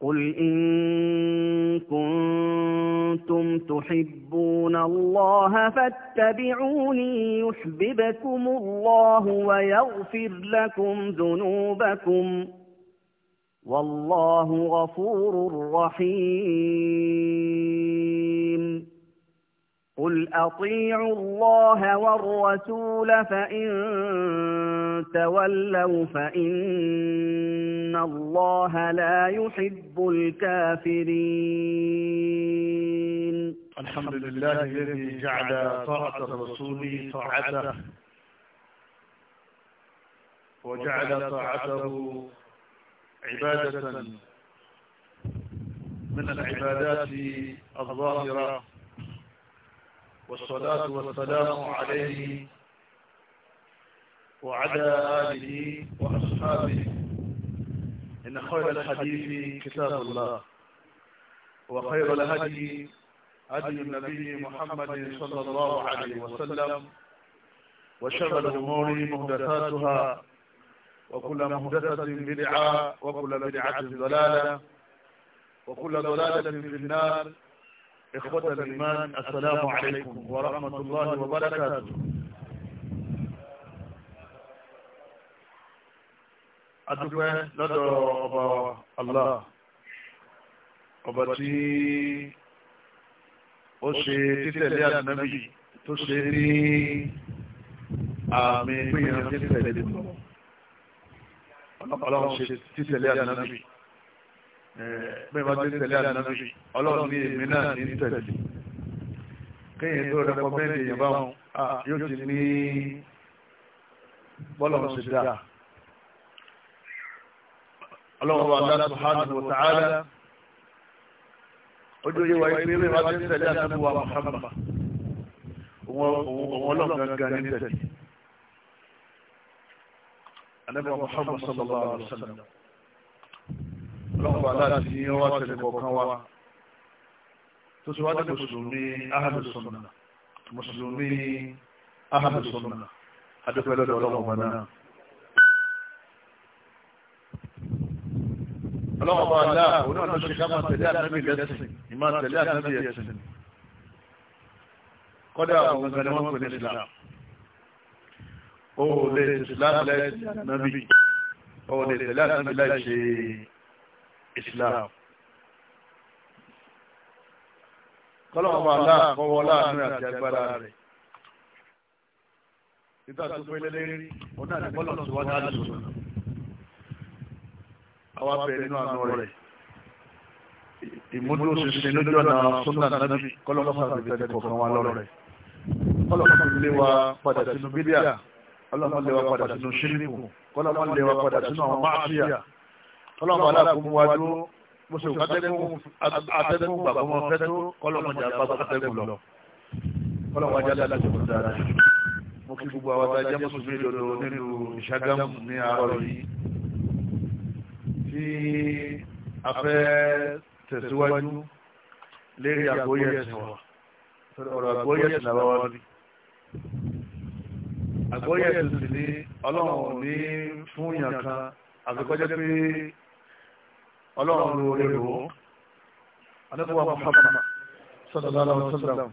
قل إن كنتم تحبون الله فاتبعوني يحببكم الله ويغفر لكم ذنوبكم والله غفور رحيم قل أطيعوا الله والرسول فإن تولوا فإن الله لا يحب الكافرين الحمد لله الذي جعل طاعة الرسول طاعته وجعل طاعته عبادة من العبادات الظاهرة والصلاة والسلام عليه وعلى آله وأصحابه إن خير الحديث كتاب الله وخير الهدي هدي النبي محمد صلى الله عليه وسلم وشر الأمور مهدثاتها وكل مهدثة بدعة وكل بدعة ضلالة وكل ضلالة في النار إخوة الإيمان السلام عليكم ورحمة الله وبركاته adúpẹ́ lọ́dọ̀ ọba Allah ọba tí ó ṣe títẹ̀lé ànábì tó ṣe ní àmì pínyàn títẹ̀lé ọlọ́run ṣe títẹ̀lé ànábì bẹ́ẹ̀ bá ti tẹ̀lé ànábì ọlọ́run ní èmi náà ní tẹ̀lé kéèyàn tó rẹpọmẹ́ndì yẹn báwọn yóò ti ní bọ́lọ̀ ṣe dáa ọlọ́run wa Allah subhanahu wa ta'ala ojú yẹ wa ipe bẹ́ẹ̀ bá gangan ní tẹ̀lé ànábì wa Muhammad sallallahu ọlọ́pàá aláàtí ni wọ́n wá tẹ̀lé kọ̀ọ̀kan wa tó ti wá tẹ̀lé mùsùlùmí ahàbẹ̀sọ̀nà mùsùlùmí ahàbẹ̀sọ̀nà adúpẹ́ lọ́dọ̀ ọlọ́pàá náà ọlọ́pàá aláà òun náà ló ṣe ká máa tẹ̀lé ànábì lẹ́sìn ìmá tẹ̀lé ànábì ẹ̀sìn kọ́dà àwọn gangan ni wọ́n pè ní ìsìlá ó lè tẹ̀lé ànábì láì ṣe islam kọ́lọ́wọ́n máa lá àkọ́wọ́ láàánú àti agbára rẹ̀ nígbà tó pé lélẹ́rí ọ̀nà àdìpọ́lọ̀ tó wá dáa lọ́sọ̀rọ̀ àwọn abẹ́rẹ́ nínú àánú rẹ̀ ìmúlò ṣinṣin lójú ọ̀nà súnà nábì kọ́lọ́wọ́n máa fi tẹ́lẹ̀ kọ̀ọ̀kan wá lọ́rọ̀ rẹ̀ kọ́lọ́wọ́n máa lé wa padà sínú bídíà kọ́lọ́wọ́n lé wa padà sínú ṣílíkù kọ́lọ́wọ́n lé wa padà sínú àwọn máàfíà tọ́lọ́mọ aláàfin mú wa dúró mo ṣe òkàtẹ́gùn àtẹ́gùn gbàgbọ́ mọ fẹ́ tó kọ́lọ́mọ jà bá àtẹ́gùn lọ kọ́lọ́mọ ajá láti kò dára mo kí gbogbo àwọn ajá mọ́sùlùmí lọ́dọ̀ nínú ìṣàgámù ní àárọ̀ yìí tí a fẹ́ tẹ̀síwájú lérí àgbóyè ẹ̀sìn wa ọ̀rọ̀ àgbóyè ẹ̀sìn làwọn wa ní àgbóyè ẹ̀sìn sí ní ọlọ́run ní fún yàn kan àfikọ́jẹ́ pé ọlọ́run ló rẹ̀ lò ó anábíwá Muhammad sallallahu alaihi wasallam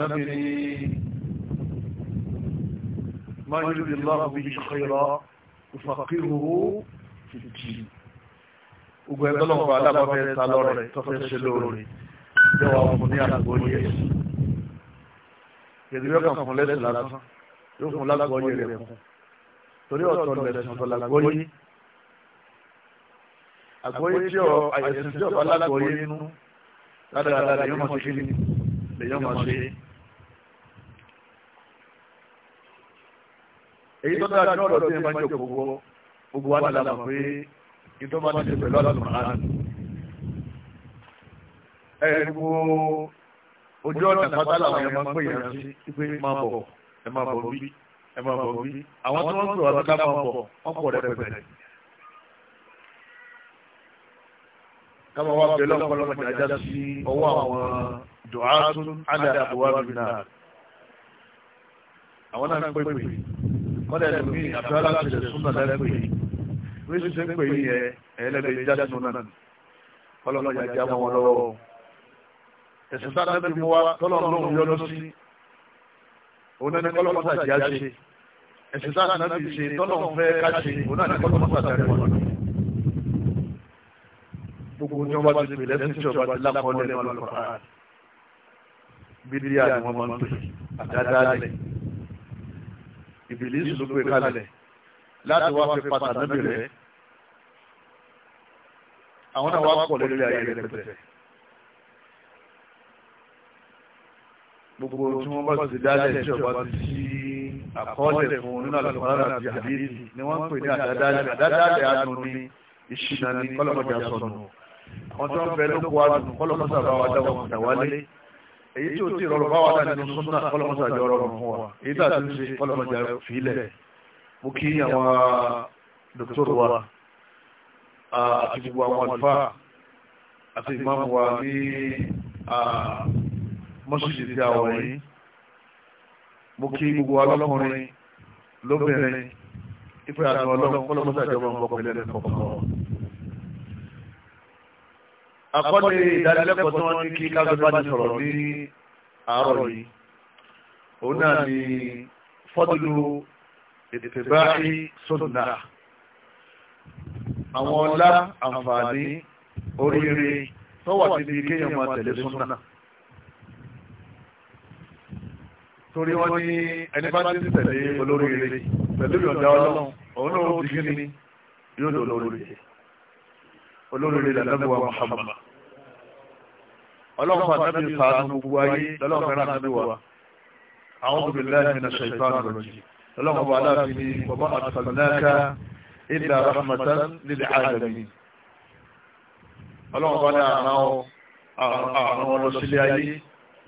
anábìrin máa yóò lè lọ́wọ́ bí ìṣòro ìfàkíhòhò fìdí gbogbo ẹgbẹ́ lọ́wọ́ alábọ́fẹ́ ta lọ́rẹ̀ tó fẹ́ ṣe lóore yọwọ́ fún ní àgbò yẹ yẹ̀dùbẹ́ kan fún lẹ́sẹ̀ lásán yóò fún lágbọ́ yẹ rẹ̀ fún torí ọ̀tọ̀ lẹ́sẹ̀ ọ̀tọ̀ lágbọ́ àgbóyé tí ọ àyẹ̀sìn tí ọba lágbóyé nínú ládàáda lèyàn máa ṣe kíni lèyàn máa ṣe. èyí tó dáa ní ọ̀dọ̀ tí ẹ máa ń jòkó gbọ́ gbogbo wa dàda mọ̀ pé ìtọ́ máa ti ṣe pẹ̀lú àlùmọ̀ àánú. ẹ gbogbo ojú ọ̀nà pátá làwọn ẹ̀ máa ń pè yẹn sí pé máa bọ̀ ẹ máa bọ̀ bí ẹ máa bọ̀ bí àwọn tí wọ́n ń pè wá máa bọ̀ wọ́n pọ̀ rẹpẹtẹ. kama wa bẹ̀rẹ̀ lọ́wọ́ ọlọ́mọdé ajá sí ọwọ́ àwọn dùhátún ádà àbúwábì náà àwọn náà ń pè pè kọ́lẹ̀ lómi àbúrálá tilẹ̀ súnmọ̀ lẹ́pẹ̀ yìí wọ́n sì ṣe ń pè yìí ẹ ẹlẹ́bẹ̀ ìjà sínú náà ọlọ́mọdé ajá mọ́ wọn lọ́wọ́ ẹ̀sùn tá a bí mu wa tọ́lọ̀ lóhùn yọ lọ́sí òun náà ní kọ́lọ́mọdé ajá ṣe ẹ̀sùn tá a bí ṣe tọ́lọ̀ fẹ́ ká ṣe òun náà ní kọ́lọ́mọdé ajá ṣe gbogbo ní ọba ti pè lẹ́sìn tí ọba ti lápọ̀ lẹ́nu ọlọ́pàá bídíà ni wọ́n máa ń pè àdádálẹ̀ ìbílísì ló gbé kalẹ̀ láti wá fi pata níbi rẹ̀ àwọn náà wá pọ̀ lórí ayé rẹpẹtẹ. gbogbo tí wọ́n bá ti dálẹ̀ tí ọba ti sí àkọọ́lẹ̀ fún nínú àlùfáà àti àdéhìí ni wọ́n ń pè ní àdádálẹ̀ àdádálẹ̀ àdùn ní ìṣìnà ní kọ́lọ́mọdé àsọ̀nù ọ̀tọ́ ń bẹ lóko adùn kọ́lọ́mọ́sà bá wa dáwọ́ kùtà wálé èyí tí o ti rọrùn bá wa dá nínú súnà kọ́lọ́mọ́sà jọ rọrùn fún wa èyí tí a ti ń ṣe kọ́lọ́mọ́sà fìlẹ̀ mo kí àwọn dókítà wa àti gbogbo àwọn àlùfáà àti ìmáàmù wa ní mọ́ṣíṣì tí a wọ̀ yìí mo kí gbogbo alọ́kùnrin lóbìnrin ìpè àdùn ọlọ́run kọ́lọ́mọ́sà jọ rọrùn fún ọkọ̀ ilẹ̀ ẹ̀kọ́ àkọ́lé ìdánilẹ́kọ̀ọ́ tí wọ́n ní kí kágbébá ní sọ̀rọ̀ ní àárọ̀ yìí òun náà ni fọ́dúlù ìtìbáì sọ́dùnà àwọn ọlá àǹfààní oríire tó wà níbi kéèyàn máa tẹ̀lé súnà torí wọ́n ní ẹni bá ti tẹ̀lé olóríire pẹ̀lú ìyọ̀ǹda ọlọ́run òun náà ó di kí ni yóò lò lóríire olóríire làlágbó wa Muhammad ọlọ́run àtàbí sàánú gbogbo ayé lọ́lọ́run fẹ́ràn àtàbí wa àwọn òbí lẹ́yìn ní ṣèṣán lọ́jì lọ́lọ́run wà láti ní bàbá àtàlẹ́kà ìdá rahmatan lil alamin ọlọ́run bá ní àwọn àwọn ọlọ́sílẹ̀ ayé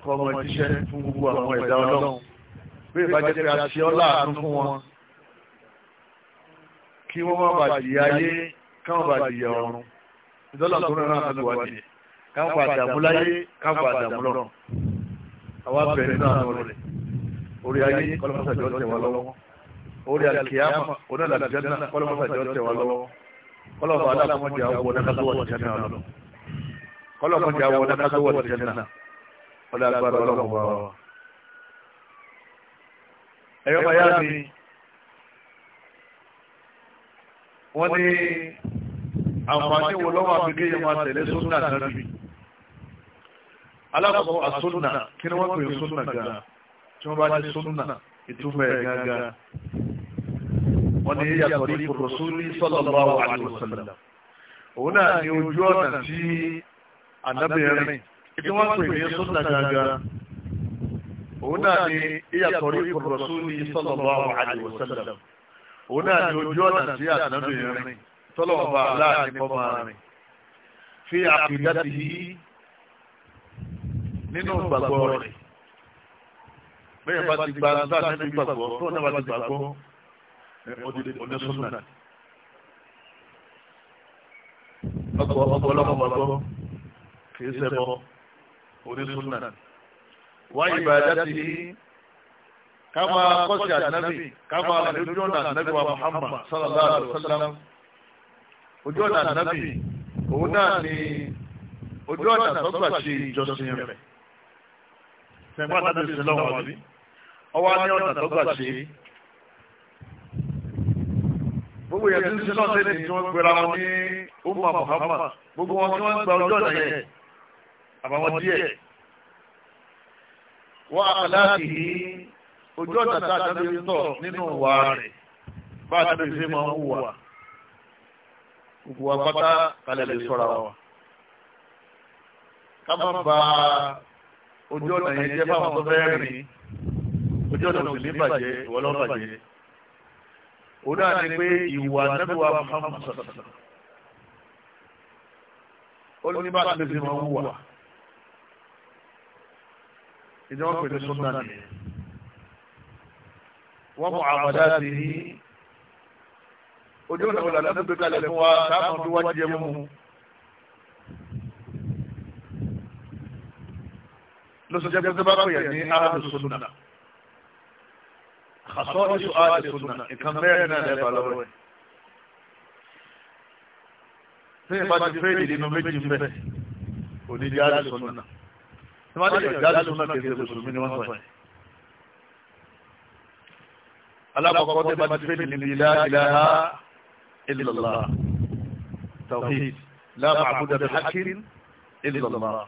kọ́ ọmọ ìṣiṣẹ́ fún gbogbo àwọn ẹ̀dá ọlọ́run bí ìbájẹ́ pé a ṣe ọ́ láàánú fún wọn kí wọ́n má bàjẹ́ ayé káwọn bàjẹ́ ọ̀run ìdọ́là tó rẹ̀ náà lọ́wọ́ adìyẹ káfà àdàmú láyé káfà àdàmú lọ àwa bẹ̀rẹ̀ náà lọ rẹ̀ orí ayé kọ́lọ́mọ́sá jọ tẹ̀ wá lọ́wọ́ orí alikiyama oní alàjẹ́nà kọ́lọ́mọ́sá jọ tẹ̀ wá lọ́wọ́ kọ́lọ́mọ́ aláàmọ́jà wọ nákàtúwọ̀ tìjẹ́nà lọ kọ́lọ́mọ́jà wọ nákàtúwọ̀ tìjẹ́nà ọ̀dà agbára ọlọ́mọ wa. ẹ̀yọ́ bàyá mi wọ́n ní àǹfààní wo lọ́wọ́ àbíké yẹn máa tẹ̀lé súnà nàbì alákọ̀ọ́ àsúnà kí ni wọ́n pè é súnà gan tí wọ́n bá ní súnà ìtumọ̀ ẹ̀ gángan wọ́n ní yàtọ̀ ní rasuli sallallahu alaihi wasallam òun náà ní ojú ọ̀nà tí ànábìrin ìdí wọ́n pè ní súnà gángan òun náà ní yàtọ̀ ní rasuli sallallahu alaihi wasallam òun náà ní ojú ọ̀nà tí ànábìrin tọ́lọ́wọ́n bá aláàrin kọ́ máa rìn fi àkìdáti yìí nínú gbàgbọ́ rẹ̀ bẹ́ẹ̀ bá ti gba sáà nínú gbàgbọ́ tó náà bá ti gbàgbọ́ ọdẹ́sọ́nà ọgbọ̀lọ́gbọ̀ gbàgbọ́ kìí sẹ́bọ̀ onísọ́nà wáyé ìbàdáti yìí ká máa kọ́sí ànábì ká máa lè lójú ọ̀nà ànábì wa Muhammad sallallahu alaihi wa sallam ojú ọ̀nà ànábì òun náà ni ojú ọ̀nà sọ́gbà ṣe ìjọsìn rẹ̀ sẹ́gbọ́n ànábì sí lọ́wọ́ ọwọ́ ní ọ̀nà sọ́gbà ṣe gbogbo yẹn tí ń sin náà tí wọ́n gbéra wọn ní umar muhammad gbogbo wọn tí wọ́n gba ojú ọ̀nà yẹn àbáwọn díẹ̀ wọ́n ojú ọ̀nà tá a gbogbo wa pátá kalẹ̀ lè sọ̀rọ̀ wa. ká má ba ojú ọ̀nà yẹn jẹ́ fáwọn tó fẹ́ rìn ojú ọ̀nà òsì ní bàjẹ́ ìwọ lọ́wọ́ bàjẹ́. òun náà ni pé ìwà nẹ́bùwà Muhammad sọ̀tọ̀ ó ní bá àtúndé sí máa ìjọba pèlè sọ́nà nìyẹn. wọ́n mú àbàdá sí i ojú ọ̀nà wo lànà tó gbé kalẹ̀ fún wa táwọn fi wá jíjẹ mímu. lọ́sọ̀jẹ́ pé sábà pè ní alùsùnà àsọ ìṣù alùsùnà nǹkan mẹ́rin náà lẹ́bàá lọ́wọ́ ẹ̀. tí ìfà ti fẹ́ ìdí inú méjì ń bẹ̀ òdìdí alùsùnà tí wọ́n ti ọ̀já alùsùnà kì í ṣe mùsùlùmí ni wọ́n sọ ẹ̀ alákọ̀ọ́kọ́ tẹ́ bá ti fẹ́ ìlú ìlà ìlà إلا الله توحيد لا معبود بحق إلا الله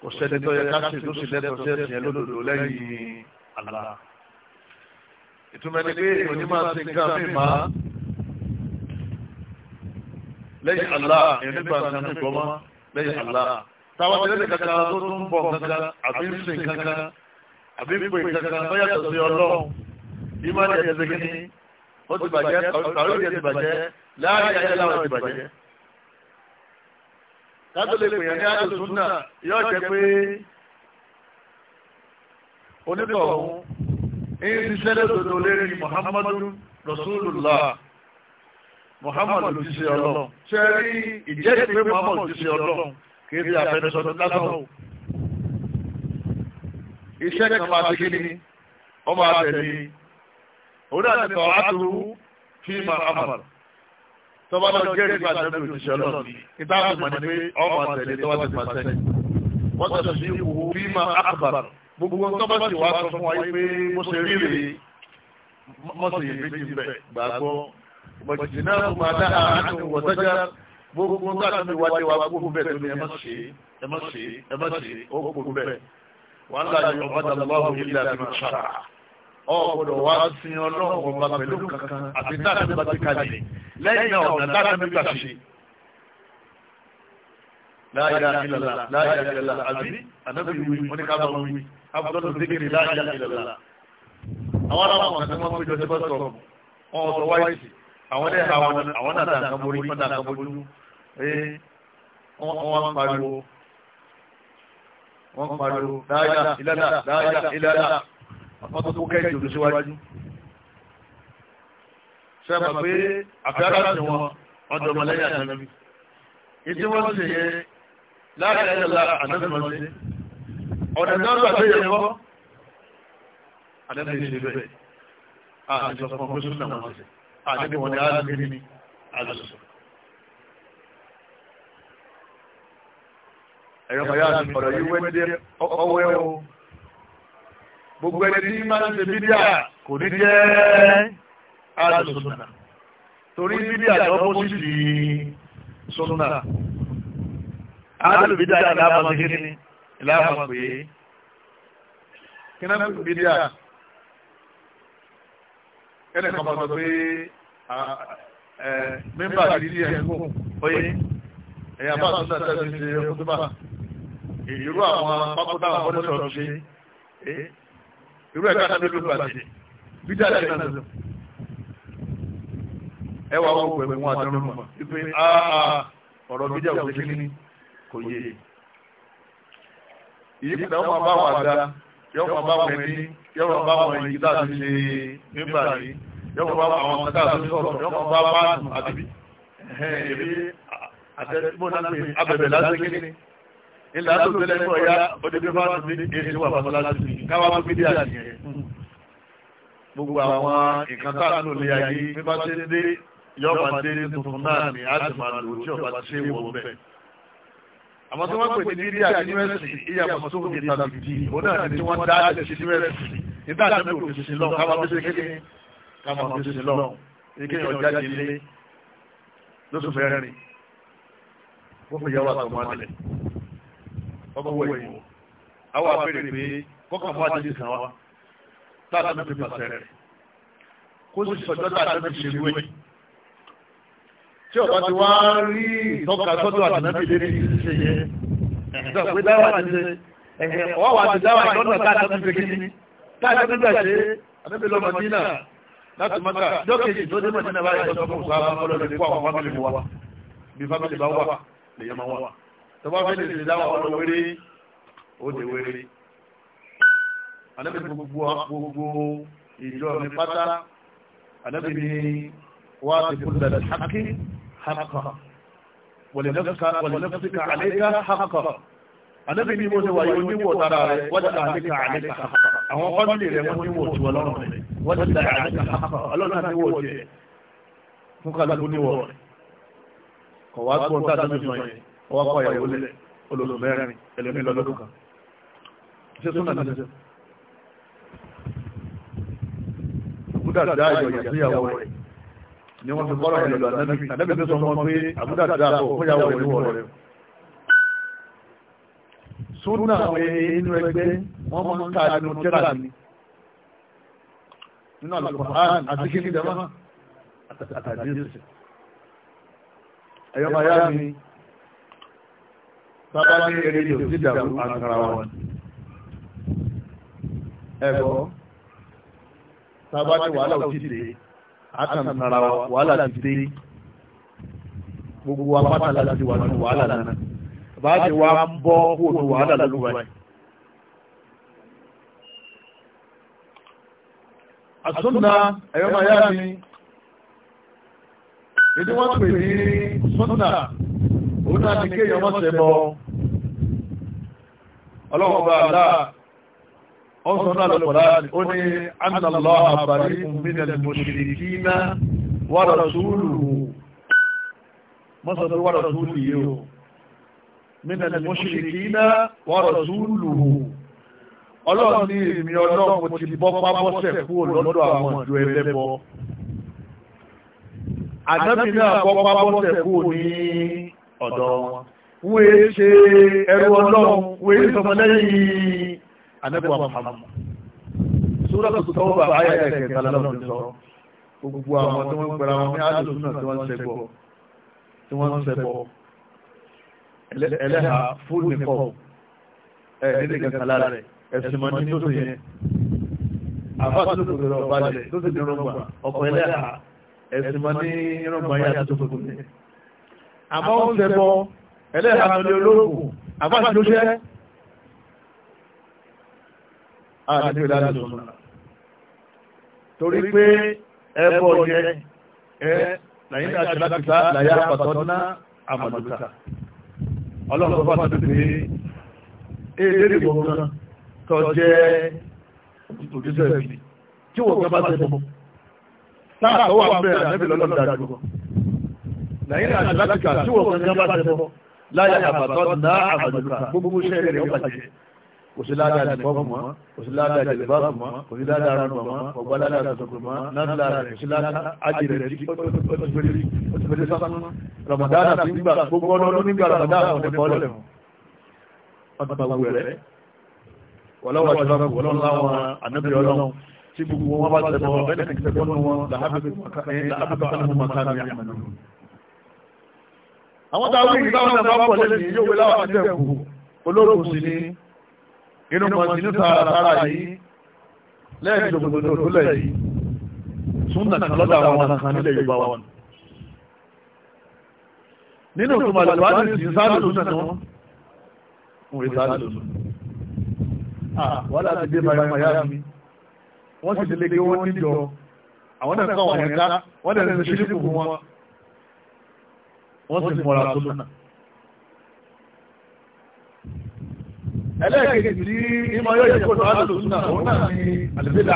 kòsẹ́ni tó yẹ káṣí tó sì lẹ́tọ̀ sí ẹ̀sìn yẹn lódodo lẹ́yìn Allah. ìtumọ̀ ni pé òní máa ṣe nǹkan mí máa lẹ́yìn Allah èyí nígbà nǹkan mí gbọ́mọ́ lẹ́yìn Allah. táwọn ti lẹ́yìn kankan tó tún bọ̀ kankan àbí ń sìn kankan àbí ń pè kankan tó yàtọ̀ sí ọlọ́run ìmọ̀ ni ẹ̀sìn kìíní ó ti bàjẹ́ kàlóòdì ti bàjẹ́ láàrin àjẹlá ó ti bàjẹ́. kátó lè pèyàn ní àjò súnà yóò jẹ́ pé onítọ̀ ọ̀hún ń ṣiṣẹ́ lódodo lérí muhammadu rasulullah muhammadu ló ti ṣe ọlọ́run ṣe rí ìjẹ́rìí pé muhammadu ti ṣe ọlọ́run kì í ṣe àfẹnusọ̀tún lásán o iṣẹ́ kan máa ti kí ni ọmọ abẹ òun náà ní sọ̀rọ̀ àtúrú fi máa àmàrà tọ́ba náà jẹ́ ìgbà tó ń ṣiṣẹ́ lọ ìta àmà ni pé ọmọ àtẹ̀lé tọ́ba ti máa tẹ̀lé wọ́n tẹ̀sọ̀ sí ìwò fi máa àkàbàrà gbogbo tọ́ba sì wá sọ fún wa yìí pé mo ṣe rí rèé mọ́sọ̀ yìí méjì bẹ̀ gbàgbọ́ mọ̀jì náà mo máa dá àánú wọ̀tọ́jà gbogbo náà mi wá dé wa gbogbo bẹ́ẹ̀ tó ní ẹ má ṣe ẹ má ṣe ẹ má ṣe ó gbogbo bẹ́ẹ̀ wàhálà yóò ọ̀gbọ̀dọ̀ wá sin ọlọ́run ọba pẹ̀lú kankan àti dáadáa mi bá ti kalẹ̀ lẹ́yìn náà ọ̀nà dáadáa mi gbà ṣe. láyà ìlàlá láyà ìlàlá àbí ànábì wí oníkàbà wí abúlọ́dún dégèrè láyà ìlàlá. àwọn aláwọ̀ àti wọn péjọ sí bọ́sọ̀ wọn sọ wáìsì àwọn ilé àwọn náà dàn kan borí wọn dàn kan borí wọn wọn pariwo wọn pariwo láyà ìlàlá láyà ìlàlá wọ́n tó kó kẹ́ẹ̀kì òdò síwájú sẹ́gbà pé àfẹ́rẹ́ sí wọn ọdọ̀ mọ̀lẹ́yìn àtàlẹ́bí ìdí wọ́n sì yẹ láàrin ẹ̀yẹ̀lá àtàlẹ́bí ọ̀dẹ̀ náà gbà tó yẹ wọ́ àtàlẹ́bí sí bẹ́ẹ̀ àti ọ̀sán fún súnà wọn sí àti wọn ni a lè ní àlùsọ ẹ̀yọ́ kọ̀yá àti ọ̀rọ̀ yìí gbogbo ẹni tí máa ń ṣe bídíà kò ní jẹ́ alùsùnà torí bídíà ni wọ́n bó sì di sùnà alùbídíà ni láàbà ṣe ní láàbà pé kí náà pè bídíà ẹnì kan bá sọ pé mẹ́mbà bídíà ń kó oyé ẹ̀yà bá sùnà tẹ́lẹ̀ ṣe ọkùnrin bá ìrú àwọn pápátá àwọn ọ̀dọ́ ṣe irú ẹ̀ka náà lójú bá ti bídà lè náà lọ. ẹ wà wọ́n pẹ̀lú wọn àtẹnu mọ̀ wípé ọ̀rọ̀ bídà ò ṣe kíní kò yé. ìyípadà ọmọ bá wọn àga yọ ọmọ bá wọn ẹni yọ ọmọ bá wọn ẹni tá a ti ṣe nígbà yìí yọ ọmọ bá wọn àwọn ọ̀sán a ti sọ̀rọ̀ yọ ọmọ bá wọn àtàbí. ẹ̀ẹ́dẹ̀bí àtẹ̀bí ilẹ̀ àtòtẹ́lẹ̀ ẹ̀kọ́ ya òdìdí fáwọn mi èsì wà fún láti káwá máa fi dí àdìyẹ. gbogbo àwọn nǹkan tá à ń lò lé ayé bí bá ṣe dé yọ máa dé ní tuntun náà ni a sì máa lò tí ọba ṣe wọ bẹ́ẹ̀. àmọ́ tí wọ́n pè ní dídí àdìmẹ́sì ìyá àmọ́ tó ń ta bìbí òun náà ni wọ́n dá àdìmẹ́sì nígbà tí wọ́n kò fi sí lọ́wọ́ káwọn fi ṣe kéde káwọn fi sí lọ́wọ́ ìkéyàn jáde ilé lóṣù fẹ́rẹ́ rìn wọ́n fi yẹ wà tó máa nílẹ̀ bàbá wọ ìwò àwọn abẹ́rẹ́ pé kọ́kàn fún àdìsí kan wá táàtà náà fi pàṣẹ rẹ̀ kó sì sọjọ́ táàtà náà fi ṣe lú ẹ̀. tí ọba ti wá rí ìtọ́ka sọ́dọ̀ àtànábì lé ní ṣe yẹ ẹ̀sọ́ pé dáwà ti ṣe ọwọ́ wa ti dáwà ìtọ́nà táàtà náà fi kíní táàtà gbà ṣe àbẹ́bẹ́ lọ Mádínà láti mọ́ta ìjọ kejì tọ́ba fẹ́ lè ṣe dáwọ́ ọ̀rọ̀ wéré ó lè wéré. ànábì gbogbo gbogbo ìjọ mi pátá ànábì ni wà á ti fún lẹ́lẹ́ hákì hákà wọ̀lẹ́fẹ́síkà àlékà hákà ànábì ni mo ṣe wáyé oníwọ̀ tara rẹ̀ wọ́n ti àlékà àlékà hákà àwọn kọ́ńtì rẹ̀ wọ́n níwọ̀ tí wọ́n lọ́rùn rẹ̀ wọ́n ti àlékà hákà ọlọ́run àti wọ̀ tiẹ̀ fún kálukú níwọ̀ rẹ̀ kọ̀ wá gbọ́n tá a ti sọ yẹn ọwọ́ kọ́ ìyàwó lẹ̀ olóṣù mẹ́rin ẹlòmí lọ́dún kan ṣe súnà ní ṣe àbúdàdà ìyọ̀yà sí ìyàwó rẹ̀ ni wọ́n fi kọ́rọ̀ ìlọ̀lọ̀ ànábì ànábì tó sọ mọ́ pé àbúdàdà fún ìyàwó rẹ̀ níwọ̀ rẹ̀ súnà pé inú ẹgbẹ́ wọ́n mọ́ ń ká inú tẹ́lá mi nínú àlùkùnrin àti kí ní dẹ́mọ́ àtàdé ẹ̀yọ́ sábà ní rédíò sí ìdààmú àkàrà wọn ẹ̀gbọ́ sábà ní wàhálà òtítì àtàntàrà wàhálà ti dé gbogbo apátàlá ti wà nínú wàhálà náà bá ti wá ń bọ́ kóòtù wàhálà lọ́wọ́ àtúnná ẹ̀yọ́ máa yára ni náà ní kéèyàn mọ́ ṣẹbọ ọlọ́wọ́n bá àlá ó sọ náà lọ́pọ̀lá ó ní annàlọ́ àbárí ìmìnà mùsùlùmí wàrà súúlù mọ́sọ̀ tó wàrà súúlù yìí o mìnà mùsùlùmí wàrà súúlù ọlọ́run ní èmi ọlọ́run mo ti bọ́ pábọ́sẹ̀ kúrò lọ́dọ̀ àwọn ìjọ ẹlẹ́bọ àdábìnrin àbọ́ pábọ́sẹ̀ kúrò ní ọ̀dọ̀ wọn wọ́n èé ṣe ẹrú ọlọ́run wọ́n èé sọmọ lẹ́yìn anẹ́bọ̀ àmàmù sórọ́tò tọ́wọ́ bàbá ayé ẹ̀kẹta lọ́dún sọ gbogbo àwọn tí wọ́n gbẹ̀rẹ̀ àwọn ní àdùn náà tí wọ́n ń ṣẹbọ tí wọ́n ń ṣẹbọ ẹlẹ́ha fún nìkọ́ ẹ̀ nílé kankan lára rẹ̀ ẹ̀sìn mọ́ ní tó sì yẹn àfáà tó kòtò ọ̀bá lẹ̀ tó ní rọ́gbà ọkọ̀ ẹlẹ́ha ẹ̀sìn mọ́ ní rọ́gbà yà tó kòtò àbá ó ń sẹ́bọ ẹlẹ́yàrá ni olóògùn àbá ti ló jẹ́ àti ìlànà ìsọ̀nà torí pé ẹbọ yẹ ẹ lẹ́yìn àti lákìsá làyà pàtọ́nà àmàlùkà ọlọ́run bá ti pè é èdè ìgbọ̀ngàn tó jẹ́ òjíṣẹ́ ìbí tí wọ́n gbẹ́ bá ti bọ̀ táà tó wà bẹ́ẹ̀ àlẹ́bí lọ́lọ́dà jùlọ lẹ́yìn àtàlákà tí wọ́n kan jábá tẹ́bọ́ láyé àbàtọ́ ná àbàdùkà gbogbo iṣẹ́ rẹ̀ ó bàjẹ́ kò sí ládàá ìbọ́mù mọ́ kò sí ládàá ìbámu mọ́ kò sí ládàá ránù mọ́ ọgbà ládàá tuntun mọ́ nádàá rẹ̀ kò sí ládàá ajé rẹ̀ tí ó ti fẹ́lẹ́ sásán ramadana ti gbà gbogbo ọlọ́run nígbà ramadana ọ̀dẹ̀ bọ́ọ̀lẹ̀ ọ̀dẹ̀ wọ́lọ́wọ́ ìjọba wọ́lọ́wọ́ àwọn ànábì ọlọ́run tí gbogbo wọn bá tẹ̀lé wọn bẹ́ẹ̀ àwọn tá a wí ìgbà wọn bá pọ̀ lẹ́nu yóò wé láwọn àti ẹ̀kú olóògùn sí ni inú kan sí ní tààràtàrà yìí lẹ́yìn ìdòdòdò tó lẹ̀ yìí súnà kan lọ́dọ̀ àwọn kan nílẹ̀ Yorùbá wọn. nínú ìtumọ̀ àlùbá ní sí sáà lòdù náà wọn wọn yìí sáà lòdù. wàhálà ti dé báyìí máa yá mi wọ́n sì ti lé gé wọ́n níjọ àwọn náà kọ́ àwọn ẹ̀ká wọ́n dẹ̀ wọ́n sì mọ́ra tó lónà. ẹlẹ́ẹ̀kejì tí ìmọ̀ yóò yẹ kó tó àlọ́ lónà òun náà ni àlùbídà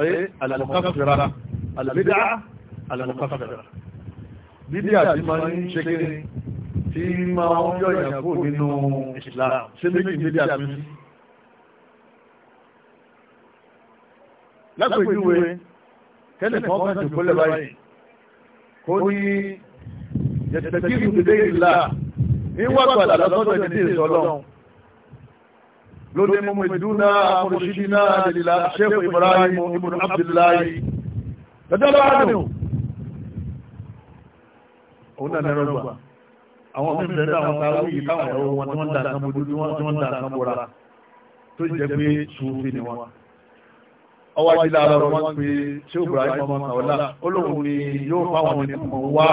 ọ̀yẹ́ àlàmùkáfẹ́ra àlùbídà àlàmùkáfẹ́ra. bíbí àti máa ń ṣe kiri tí máa ń yọ ìyàn kó nínú ìsìlára ṣé méjì bíbí àti mi. lápèjúwe kẹ́lẹ̀ kan bá jòkó lẹ́bàá yìí kó ní tẹ̀síkìrì ti dé ìlà ní wàgbàdà lọ́sọ́dọ̀ ẹni tí èso ọlọ́run ló dé mú ìdúná àmúrùsídínà àdìlá ṣẹ́kù Ibrahim ibn Abdullahi lọ́jọ́ láàánú òun náà nẹ́rọ gbà àwọn ọmọ ìbẹ̀rẹ̀ àwọn tààrí yìí táwọn ẹ̀rọ wọn tí wọ́n dà kan bojú tí wọ́n dà kan bora tó jẹ́ pé ṣùfì ni wọn ọwọ́ ajílá ara wọn pé ṣé Ibrahim ọmọ kàwọ́lá ó lóun ni yóò fáwọn ènìyàn wá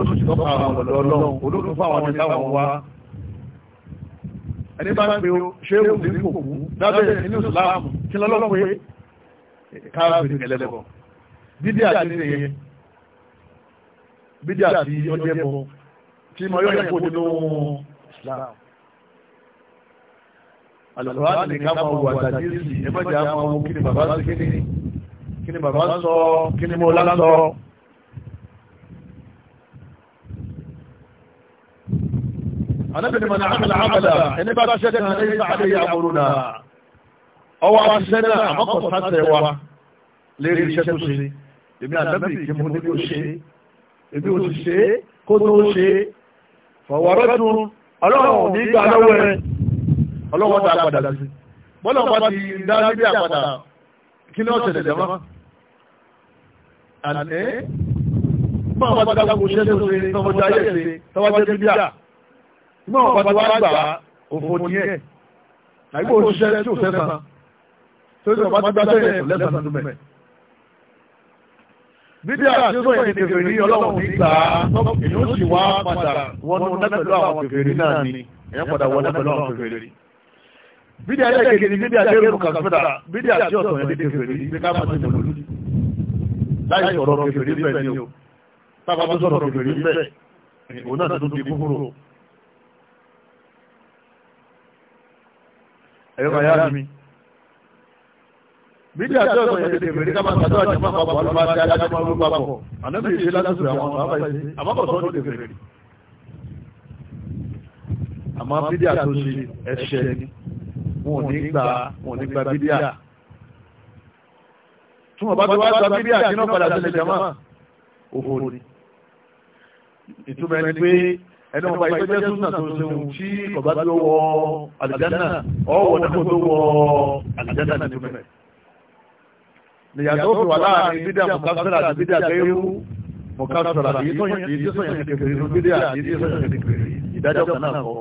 olóòtú ti tọ́ka àwọn ọ̀dọ́ ọlọ́run olóòtú fún àwọn ẹ̀dá wọn wá ẹni bá ń pe ṣéwù ní kòkú lábẹ́ inú ìsìláàmù kí lọ́lọ́run pé káàbìrì ẹlẹ́bọ̀ bídí àti ní ẹyẹ bídí àti ọjẹ́ ká máa wà tàbí ẹgbẹ́jà máa wọ kí ni kí ni bàbá sọ kí ni mo lálá anábìnrin mọ̀ ní àmàlà àmàlà ẹni bá ṣẹ́ kan ní sàádé àwòrán náà ọwọ́ aṣẹ́ náà àmọ́kọ̀ sáṣẹ wa lérí iṣẹ́ tó ṣe èmi àdábì kí mo ní kó ṣe èmi ò sì ṣe kó tó ṣe fọwọ́rọ́ tún ọlọ́run ní gbà lọ́wọ́ ẹ ọlọ́wọ́ dá padà sí bọ́lá bá ti dá jẹ́ bíbíà náà ọba tí wàá gbà òfò díẹ̀ àyíkò òṣìṣẹ́ tí ò sẹ́sàn tó ṣe ọba tí gbà sẹ́yìn ẹ̀sùn lẹ́sàn tó mẹ́. bídíà tí ó sọ èdè kèfèrí ní ọlọ́run ní gbà á èyí ó sì wá padà wọnú lẹ́pẹ̀lú àwọn kèfèrí náà ni èyí padà wọ lẹ́pẹ̀lú àwọn kèfèrí. bídíà lẹ́kẹ̀kẹ́ ni bídíà tí ó kà fẹ́ra bídíà tí ó sọ èdè kèfèrí ní ká o tábà ẹ̀yọ́ kan yára mi. Bídí àti ọ̀sán yẹn tètè mèrè ká máa sàdó àti máa papọ̀ àlọ́ máa ti adájọ́ máa wú papọ̀. Àná mi ìṣe lásìkò àwọn bàbá ìṣe àbábọ̀ sọ́ọ́ tètè mèrè. Àmọ́ bídí àtúnṣe ẹ̀ṣẹ̀ ni. Wọn ò ní gba wọn ò ní gba bídí à. Tí wọ́n bá ti wá gba bídí à kí náà padà sílẹ̀ jàmá. Òfò ni. Ìtumọ̀ ẹni pé ẹni wọn bá yìí tó jẹ́ súnà tó ń sẹ́wọ̀n tí kọ̀bá tó wọ àlìjáná ọ̀wọ̀ dẹ́kun tó wọ àlìjáná ní pẹ́. nìyàtọ̀ òfin wà láàrin bídíà mọ̀kására àti bídíà gẹ́rú mọ̀kására àti ìdísọ̀yàn kékeré ní bídíà àti ìdísọ̀yàn kékeré ìdájọ́ kan náà kọ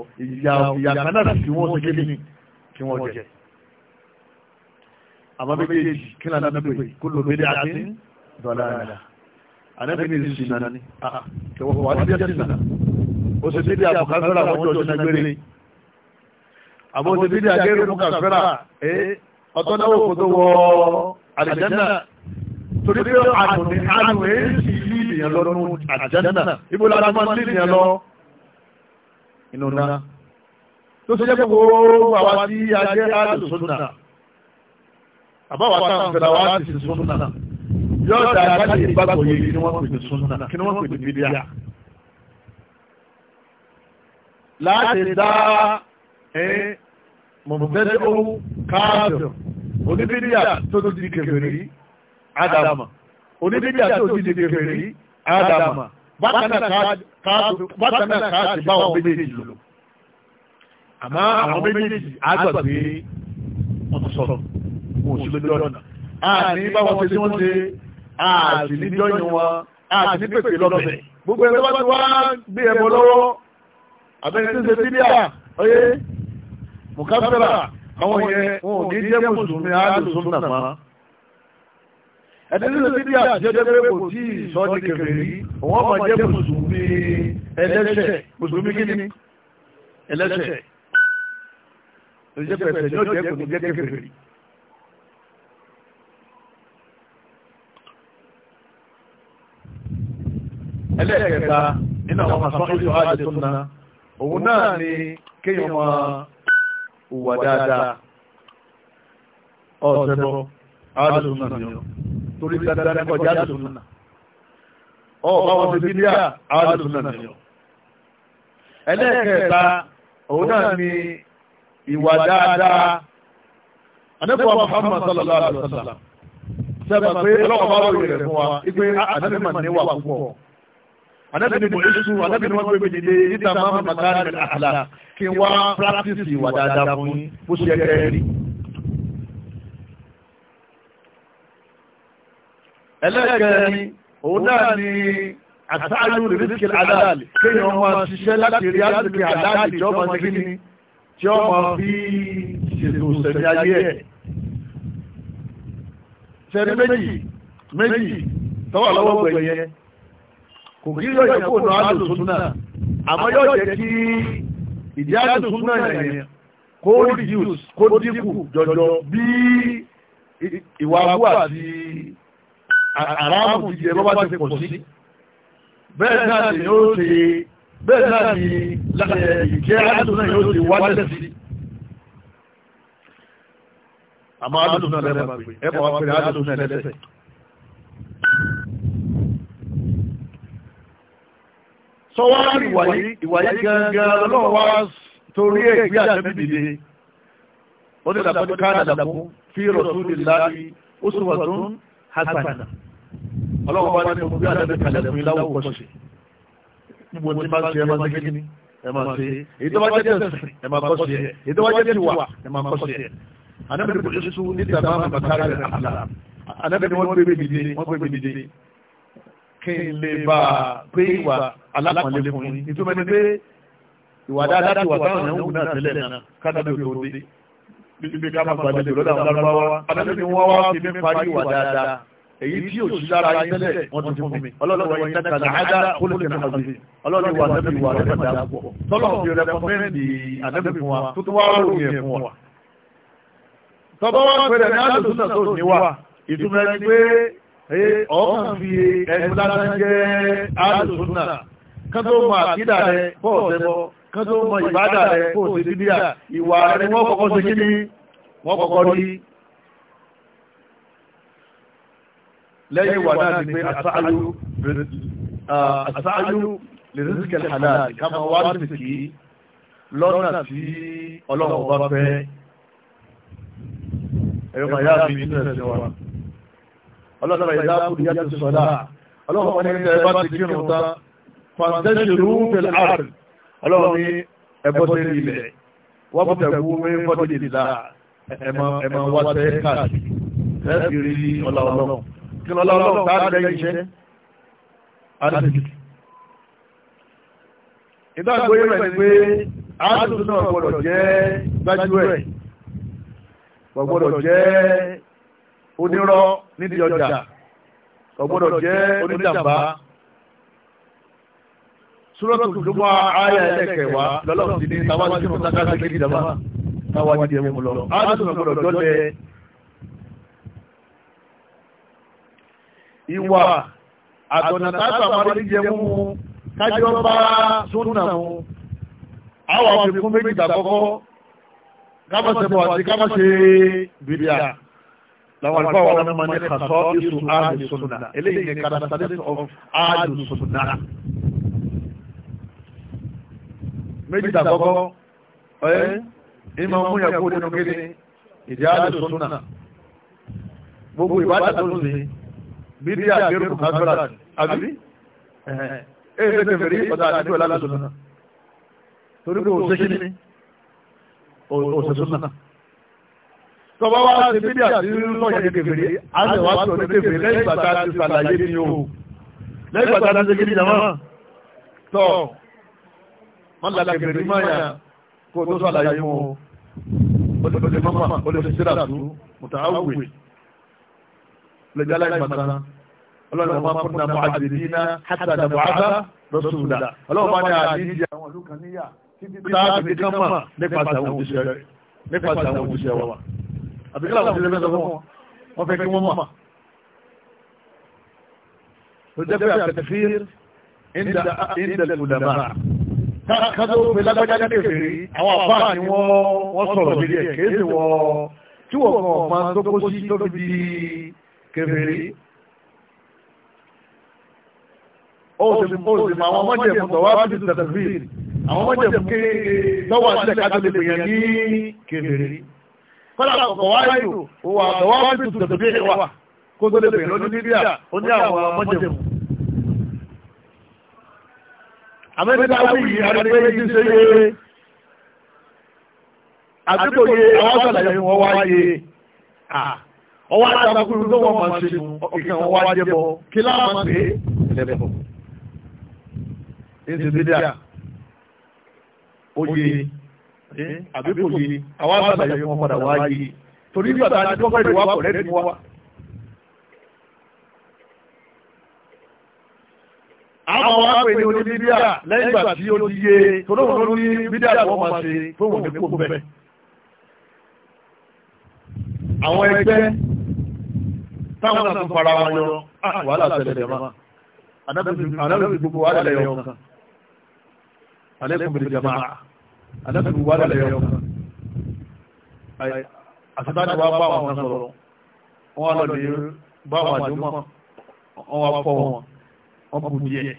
ìyà kan náà kí wọ́n ṣe kéde kí wọ́n jẹ. àmọ́ méjèèjì kí ni àná pé kó ló bídíà àti dọ̀là àná àná bí mi sì nà ní ó ṣe dídí àbùkásẹ́rà wọ́n jọ ọdún agbére àbọ̀ ṣe dídí agẹ́rù fún kàfẹ́rà ọ̀tọ́ náà kò tó wọ àlìjánà torí pé àdùn ní àdùn èyí sì yí ìyẹn lọ nínú àlìjánà ibo la máa ń lé ìyẹn lọ inú náà tó ṣe jẹ́ pé gbogbo àwa tí a jẹ́ àdùsùnà àbáwá táwọn fẹ́ra wa ti sùnà yóò dá àgbájá ìbágbọ̀ yìí kí wọ́n pè ní sùnà kí wọ́n pè ní bídíà láti dá mọ̀mọ̀tẹ́lẹ́ ohun káàbẹ̀ oníbíríà tó tó di kèfèrè yìí ádámà oníbíríà tó ti di kèfèrè yìí ádámà bákan náà káàtì bá wọn méjèèjì lò àmọ́ àwọn méjèèjì àgbàgbé wọn sọ̀rọ̀ wọn ò sí lójú ọ̀nà àní bá wọn ṣe A ṣe àti níjọ́yìn wọn àti ní pèpè lọ́bẹ̀ gbogbo ẹgbẹ́ bá ti wá gbé ẹbọ lọ́wọ́ abẹ́rẹ́ tó ṣe bídíà oyé mùkáfẹ́rà àwọn yẹn wọn ò ní jẹ́ mùsùlùmí àádùsùn náà mọ́ ẹni tó ṣe bídíà jẹ́jẹ́ pé kò tí ì sọ ní kèfèrí òun ọmọ jẹ́ mùsùlùmí ẹlẹ́ṣẹ̀ mùsùlùmí kí ni ẹlẹ́ṣẹ̀ ló jẹ́ pẹ̀tẹ̀ ní ọjọ́ kò ní jẹ́ kèfèrí. ẹlẹ́ẹ̀kẹta nínú àwọn àṣọ ìṣọ́ àjẹsùn náà òun náà ni kéèyàn máa hùwà dáadáa ọ̀sẹ̀bọ̀ alùsùnà ni ó torí dáadáa ní kọjá alùsùnà ọ̀pá wọn ti bílíà alùsùnà ni ó ẹlẹ́ẹ̀kẹta òun náà ni ìwà dáadáa anẹ́kọ̀ọ́ Muhammad sallallahu alaihi wasallam sẹ́gbà pé ọlọ́pàá anábìnrin ni mo isu anábìnrin wọn gbé mi dìde níta máa ma màkà ní àhàlà kí n wá practice ìwà dáadáa fún bó ṣe ẹgbẹ́ rí. ẹlẹ́gẹ̀ẹ́ni òun náà ni àtàlù rìsíkì àdáàlì kéèyàn máa ṣiṣẹ́ láti rí àdìkì tí ó máa ṣe kíni tí ayé ẹ̀. sẹ́ni méjì méjì tọ́wọ́ lọ́wọ́ gbẹ̀yẹ kò kí yóò yẹ kó nà alùsùnà àmọ́ yóò jẹ́ kí ìdí alùsùnà yẹn kó reduce kó dínkù jọjọ bí ìwà abú àti àràmù ti jẹ bọ́bá ti pọ̀ sí bẹ́ẹ̀ náà ni yóò ṣe bẹ́ẹ̀ náà ni ìjẹ́ alùsùnà yóò ṣe wálẹ̀ sí àmọ́ alùsùnà lẹ́bàá pé ẹ̀kọ́ wa pẹ̀lú alùsùnà lẹ́sẹ̀ tọ́wárí ìwàyí gangan lọ́wọ́ wá torí ẹ̀gbí àtẹ́bìdìde ó ní ìdàpọ̀ káàdà dàpọ̀ fi rasulillahi uswatun hasana ọlọ́wọ́ wá ní ogún àtẹ́bì kalẹ̀ fún ìláwọ̀ kọ́ṣe níbo tí máa ń ṣe ẹmọ ṣe ní ẹmọ ṣe èyí tó bá jẹ́ tẹ̀sìn ẹmọ kọ́ṣe èyí tó bá jẹ́ tiwa ẹmọ kọ́ṣe anábìrin kò ṣe sún nígbà máa ń bàtà rẹ̀ àlà anábìrin wọ́n gbé kí n lè bá a pé ìwà alápọ̀nlé fún yín nítorí mẹ́ni pé ìwà dáadáa ti wà táwọn èèyàn ń wù náà tẹ́lẹ̀ náà kádàbí òtò dé bíbí ká má gbàlejò lọ́dọ̀ àwọn lárúbáwá adájọ́ ni wọ́n wá fi mí parí ìwà dáadáa èyí tí yóò sí lára ayé tẹ́lẹ̀ wọ́n ti fún mi ọlọ́run wọ iná kan àádá kólókè náà àbí ọlọ́run wọ àdẹ́bí wọ àdẹ́bí àdá pọ̀ tọ́lọ̀ fi rẹ̀ fọ́mẹ́ǹdì àdẹ́bí fún wa tó tún wá lórí ẹ̀ fún wa. tọ́bọ́ wá pẹ̀lẹ́ ní alùpùpù náà tó ní wa ìtumọ̀ ẹni pé ọ̀ọ́kàn fi ẹnu lásán jẹ́ alùsùnà kán tó mọ àkídà rẹ pọ̀ ọ̀sẹ̀bọ kán tó mọ ìbádà rẹ pọ̀ sí bíbíà ìwà rẹ wọ́n kọ́kọ́ ṣe kí ni wọ́n kọ́kọ́ rí lẹ́yìn ìwà náà ni pé àṣáájú lè rí síkẹ̀lẹ̀ halal ká máa wá sí kí lọ́nà tí ọlọ́run bá fẹ́ ẹ̀rọ màá yára bí nínú ẹ̀sìn wa ọlọ́dọ̀rọ̀ ìdáàbùdí yá ti sọ̀dá ọlọ́run wọn ní ẹbá ti kírun ta fàndẹ́ṣìrú pẹ̀lú àrùn ọlọ́run ní ẹbọ́ sí ilẹ̀ wọ́n bọ́ tẹ̀wú wé fọ́dí ìdá ẹ̀mọ wá tẹ́ káàkiri lẹ́sì rí ọlọ́run kí lọ́lọ́run tá a lẹ́yìn iṣẹ́ àdìsí. ìdáàbò yẹn rẹ̀ pé àádùn náà gbọ́dọ̀ jẹ́ gbájú ẹ̀ gbọ́dọ̀ jẹ́ onírọ́ nídìí ọjà ọgbọ́dọ̀ jẹ́ oníjàmbá súrọ́tù tó wá ayé ẹlẹ́kẹ̀wá lọ́lọ́run ti ní tàwa sí fún sáká sí kiri ìjàmbá táwa ní ẹ̀mú mu lọ. alásùnà gbọ́dọ̀ jọ́lẹ̀ ìwà àtọ̀nà táàtà àmàlẹ́ ní jẹ́mú kájọ́ bá súnà mu. àwọn àfikún méjì tàkọ́kọ́ ká má ṣe bọ̀ àti ká má ṣe bìbíà làwọn àgbà wọn náà máa ní kàṣọ isu áàlù sunna eléyìí ní characteristics of áàlù sunna méjì dàgbọ́gbọ́ ẹ́ ìmọ̀ mú yàgò nínú kéde ìdí áàlù sunna gbogbo ìbádà tó ń sìn bídí àgbérò kásọ́lá àbí ẹ̀ ẹ̀ ẹ̀ fẹ̀rí ọ̀dà àdúgbò lálàsọ̀nà torí pé òṣèṣin ni òṣèṣin náà tọba wa ṣe bídí àti lọ́yẹ̀ kèfèrè a lè wá sọ̀rọ̀ kèfèrè lẹ́yìn bàtà ti sàlàyé ni o lẹ́yìn bàtà ti kéde jàmọ́ tọ́ mọ́tàlá kèfèrè máa yà kó tó sàlàyé mu o lè lè mọ́mọ́ o lè ṣe dàtú mùtà áwè lè jẹ́ aláìsí bàtà ọlọ́run máa fún nàmú àjèdínà hàtà nàmú àbá lọ́sùn dà ọlọ́run máa ní àdíjì àwọn ìlú kan níyà títí tá a fi kán mọ̀ nípasẹ̀ àwọn òṣìṣẹ́ wa àbí kí làwọn ìṣẹ̀lẹ̀ mẹ́sàn fún wọn wọ́n fẹ́ kí wọ́n mọ̀ ló jẹ́ pé àtẹ̀fíìr ìndà ìlàmà kájọ́ pé lágbájá ní kèfèrí àwọn àfáà ni wọ́n sọ̀rọ̀ lórí ẹ̀ kéèsì wọ́n tí wọ́n mọ̀ máa tó kó sí tó fi di kèfèrí ó sì mọ àwọn ọmọdé fún tọ́wọ́ bí tẹ̀fíìr àwọn ọmọdé fún kí tọ́wọ́ sílẹ̀ kájọ́ lè pè yẹn ní kèfèrí kọ́lá ọ̀wáìdù wà ọ̀wáìdù ụwa wà kó tó lè pèrò ní Libya ó ní àwọn mọ́jẹ̀mú. Amẹ́ríkà wí yìí Eh? Eh? àbí kò yé àwọn àgbàlagbà yẹn wọn padà wá yé torí bí bàtà ni kọ́kọ́ ìwà kọ̀ lẹ́nu wa. àwọn àwọn àpè ní oní bídíà lẹ́yìn ìgbà tí ó ti yé tòlóhùn ló ní bídíà tí wọ́n máa ṣe tó wọ́n ní kó bẹ́ẹ̀. àwọn ẹgbẹ́ táwọn náà tún fara wọn yọ ah, wàhálà tẹ̀lẹ̀ jama anábẹ́sì gbogbo wàhálà yọ kan alẹ́kùn bìrì jama àdásùn wà lẹ́yọ̀ àṣetáni wa bá wọn sọ̀rọ̀ wọn lọ lè bá wọn àdúmọ̀ wọn wá fọ wọn wọn kù díẹ̀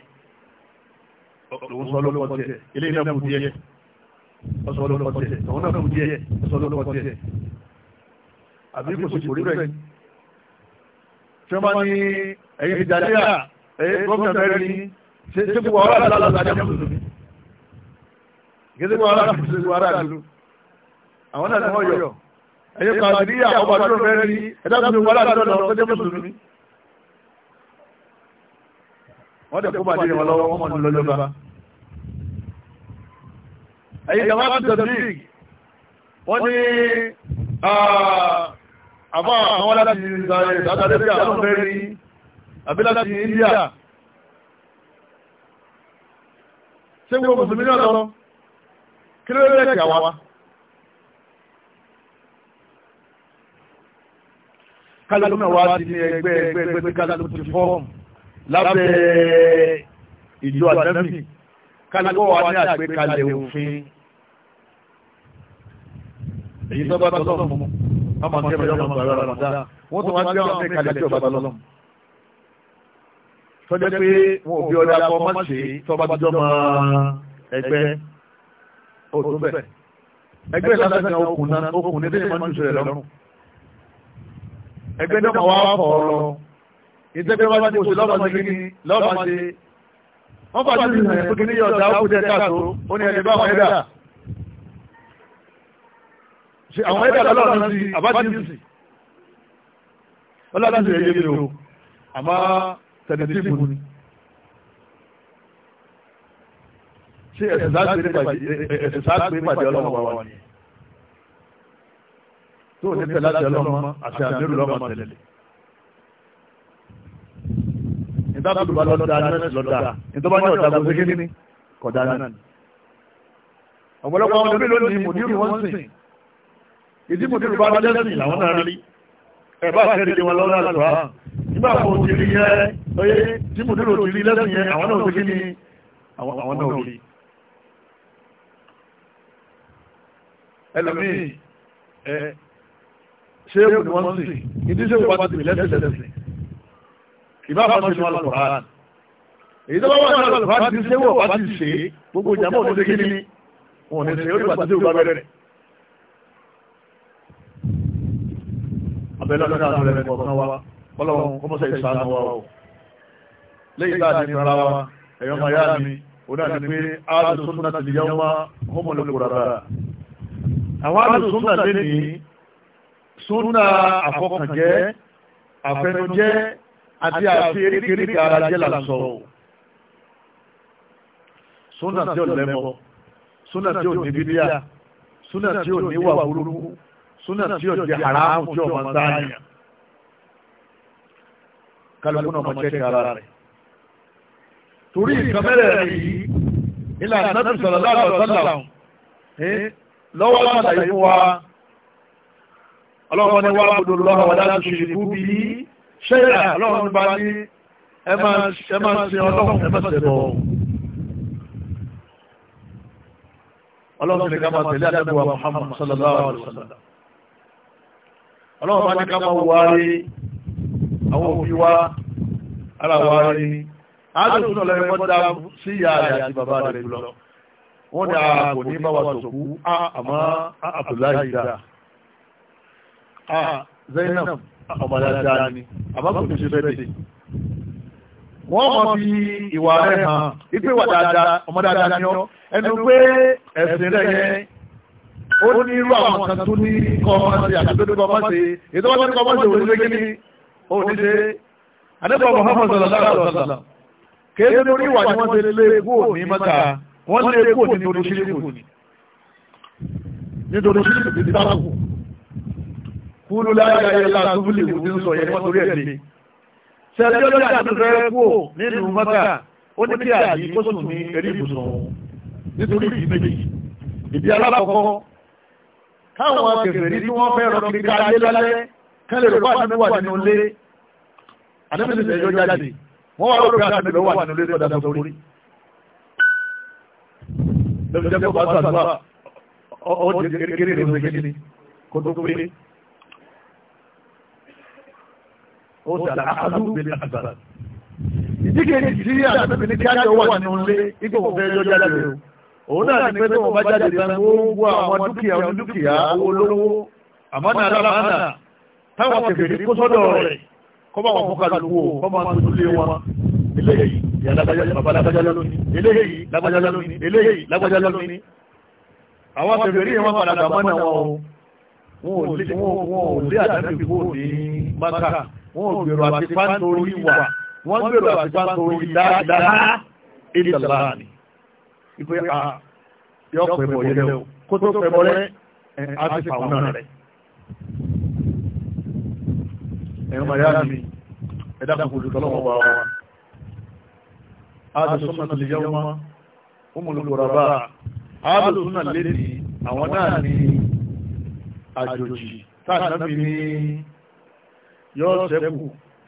òun sọ lórúkọ tiẹ̀ ilé iná kù díẹ̀ wọn sọ lórúkọ tiẹ̀ òun náà kù díẹ̀ wọn sọ lórúkọ tiẹ̀ àbí kò sì kò rí bẹ́ẹ̀ tí wọ́n bá ní ẹ̀yìn ìjà díà ẹ̀yìn gómìnà mẹ́rin ṣe ṣé kò wà wọ́n láti lálàá àjẹmọ́ tuntun gẹ́gẹ́ ara àlú àwọn náà ni wọ́n yọ ẹ̀yẹ kàdíríyà ọba tó fẹ́ rí ẹ̀dá tó fi wọ́lá tó lọ ọjọ́ mùsùlùmí wọ́n dẹ̀ kó bàdé wọn lọ́wọ́ wọn ni lọ́jọ́ bá ẹ̀yẹ jama tó tẹ̀lé wọ́n ní àbá àwọn láti ìdádàdébíà tó fẹ́ rí àbí láti India ṣé gbogbo mùsùlùmí náà lọ́rọ́ kí ló a kí àwa. kálukú náà wá sí ní ẹgbẹ́ ẹgbẹ́ ẹgbẹ́ pé kálukú ti fọ́ọ̀mù lábẹ́ ìjọ àdẹ́mì kálukú wa ní àgbékalẹ̀ òfin èyí tó bá tọ́lọ́ mú ọmọ tí ẹ̀mọ̀ yọmọ gbàrà ramadan wọ́n tún wá gbé ọmọ ìkàlẹ̀ tí ọba tọ́lọ́ tọ́jọ́ pé wọn ò bí ọdá kọ́ mọ́ sí tọ́ba tọ́jọ́ mọ́ ẹgbẹ́ ó tó bẹ́ẹ̀ ẹgbẹ́ ìlànà okùn náà okùn ní bí wọ́n ń ṣẹlẹ̀ lọ́rùn ẹgbẹ́ náà wà fọ̀ ọ́ lọ ìtẹ́gbẹ́ wá ti kò lọ́ba ṣe kíní lọ́ba ṣe wọ́n bá ti rìn fún kíní yọ̀dá ó kúrẹ́ káàtó ó ní ẹni bá wọn ẹ̀dà ṣe àwọn ẹ̀dà lọ́lọ́run sí àbájíǹsì ọlọ́run sí ẹ̀yẹ́ mi o àmọ́ tẹ̀lẹ́tìfù ṣé ẹ̀sìn sáàgbé pàdé ọlọ́run wà wà ní. tó o ní fẹ́ láti ọlọ́run mọ́ àti àmírù lọ́mọ tẹ̀lé. ìdábòbò bá lọ́dọ̀ dáa nẹ́ẹ̀sì lọ́dọ̀ dáa ìtọ́ba ní ọ̀dà gbogbo kí ni kọ̀dá náà ni. ọ̀pọ̀lọpọ̀ àwọn ẹbí lónìí mòdìrú wọn sìn ìdí mòdìrú bá lọ́dẹ̀sìn làwọn náà rí ẹ̀ bá fẹ́ẹ́ di wọn lọ́dọ̀ àlọ́ nígbà tó ti rí yẹ tí mòdìrú ti rí lẹ́sìn yẹn àwọn náà ò ẹlòmíì ẹ ṣé èkó ni wọ́n ń sìn ìdí ṣé òkú bá ti lẹ́sìn lẹ́sìn ìbá bá ti lọ́wọ́ lọ́wọ́ èyí tó bá wà lọ́wọ́ lọ́wọ́ ti ṣe wọ̀ bá ti ṣe gbogbo ìjàmbá òun ṣe kí wọn ní ṣe ó ní bàtí òun bá bẹ̀rẹ̀ abẹ́lẹ́ ọ̀dọ́ náà lọ́wọ́ ẹ̀kọ́ wá ọlọ́run kọ́mọ́sẹ̀ ìṣàánú wa o lẹ́yìn tá a ní ara wa ẹ̀yọ́ máa yá mi òun náà ní pé áàdùn sunnah al-yawma humul quraba àwọn àlùsúnà lè ní súnà àfọkànjẹ́ àfẹnujẹ́ àti àfi erékeré ara jẹ́ làásọ súnà tí ò lẹ́mọ súnà tí ò ní bídíà súnà tí ò ní wà burúkú súnà tí ò jẹ́ haramu tí ò máa ń dáyàn kálukú náà máa jẹ́ ara rẹ̀ torí ìkàmẹ́rẹ̀ rẹ̀ yìí ilà ànábì sallallahu alaihi wasallam lọ́wọ́ sàlàyé fún wa ọlọ́run ní wà gbọdọ̀ lọ́wọ́ wà láti ṣe ìbú bí ṣẹ́yà ọlọ́run bá ní ẹ máa ṣe ọlọ́run ẹ máa ṣe bọ̀ ọlọ́run ní ká máa tẹ̀lé àdẹ́gbẹ̀wà Muhammad sallallahu alaihi wasallam ọlọ́run bá ní ká máa wà rí àwọn òbí wa ara wà rí àádọ́sùn ọlọ́run mọ́ta sí ìyá rẹ̀ àti bàbá rẹ̀ jùlọ wọ́n ní a ah, ah, kò ní bá wa sòkú a ah, àmọ́ Abdullahi a Zainab ọmọdáadáa ni àmọ́ kò ní ṣe wọ́n mọ̀ fi ìwà rẹ̀ hàn ipe wà dáadáa ọmọdáadáa ni ọ́ ẹnu pé ẹ̀sìn rẹ̀ yẹn ó ní irú àwọn kan tó ní kọ́ ọmọ sí àti tó ní kọ́ ọmọ ni wọ́n ṣe lé wọ́n lè kó nítorí ṣíríkù ni nítorí ṣíríkù ti dára kù kúlú láyé látúbùlì kù ní sọ yẹn wọ́n torí ẹ̀ lé sẹ́lẹ̀ ọjọ́ àtúntẹ́ kú nínú mọ́tà ó ní kí àyí kó sùn ní eré ibùsùn nítorí ìdí méjì ìdí alákọ̀ọ́kọ́ káwọn kèfèrí tí wọ́n fẹ́ rọ kiri ká lé lálẹ́ kẹ́lẹ̀ rẹ̀ wà nínú wà nínú lé àdébìsì ẹ̀yọ́ jáde wọ́n wà lórí àtàbí lọ́wọ́ nínú lé lọ́dà sórí lọ́jọ́ jẹ́ bá sàdúrà ọ́ jẹ́ kékeré ní kájọ wà nínú fẹ́ yọ jáde rẹ̀ òun náà ní pé tó wọn bá jáde tán gbogbo àwọn dúkìá onídúkìá owó lówó àmọ́nà alámọ́nà táwọn kẹfẹ́ kó sọ́dọ̀ rẹ̀ kọ́ bá wọn fún kálukú kọ́ tó lé wọn eléyìí ìyá lágbájá lónìí eléyìí lágbájá lónìí eléyìí lágbájá lónìí àwọn àtẹ̀bẹ̀rí yẹn wọ́n padà gbà mọ́nà wọn o wọn ò lé wọn ò lé àdáni kó ní maka wọn ò gbèrò àtìpá nítorí wà wọn gbèrò àtìpá nítorí dáadáa ìdàlá ni ìpè à yọ pẹ̀ bọ̀ yẹlẹ o kó tó pẹ̀ bọ̀ rẹ ẹ̀ á ti fà wọn rẹ. ẹ̀rọ màdá mi ẹ̀dá kan kò dùn tọ́lọ́mọ bá wa ahlu sunnah al-yawma humul ghuraba ahlu sunnah lẹ́ni àwọn náà ní àjòjì táàbí ní yóò ṣẹ́kù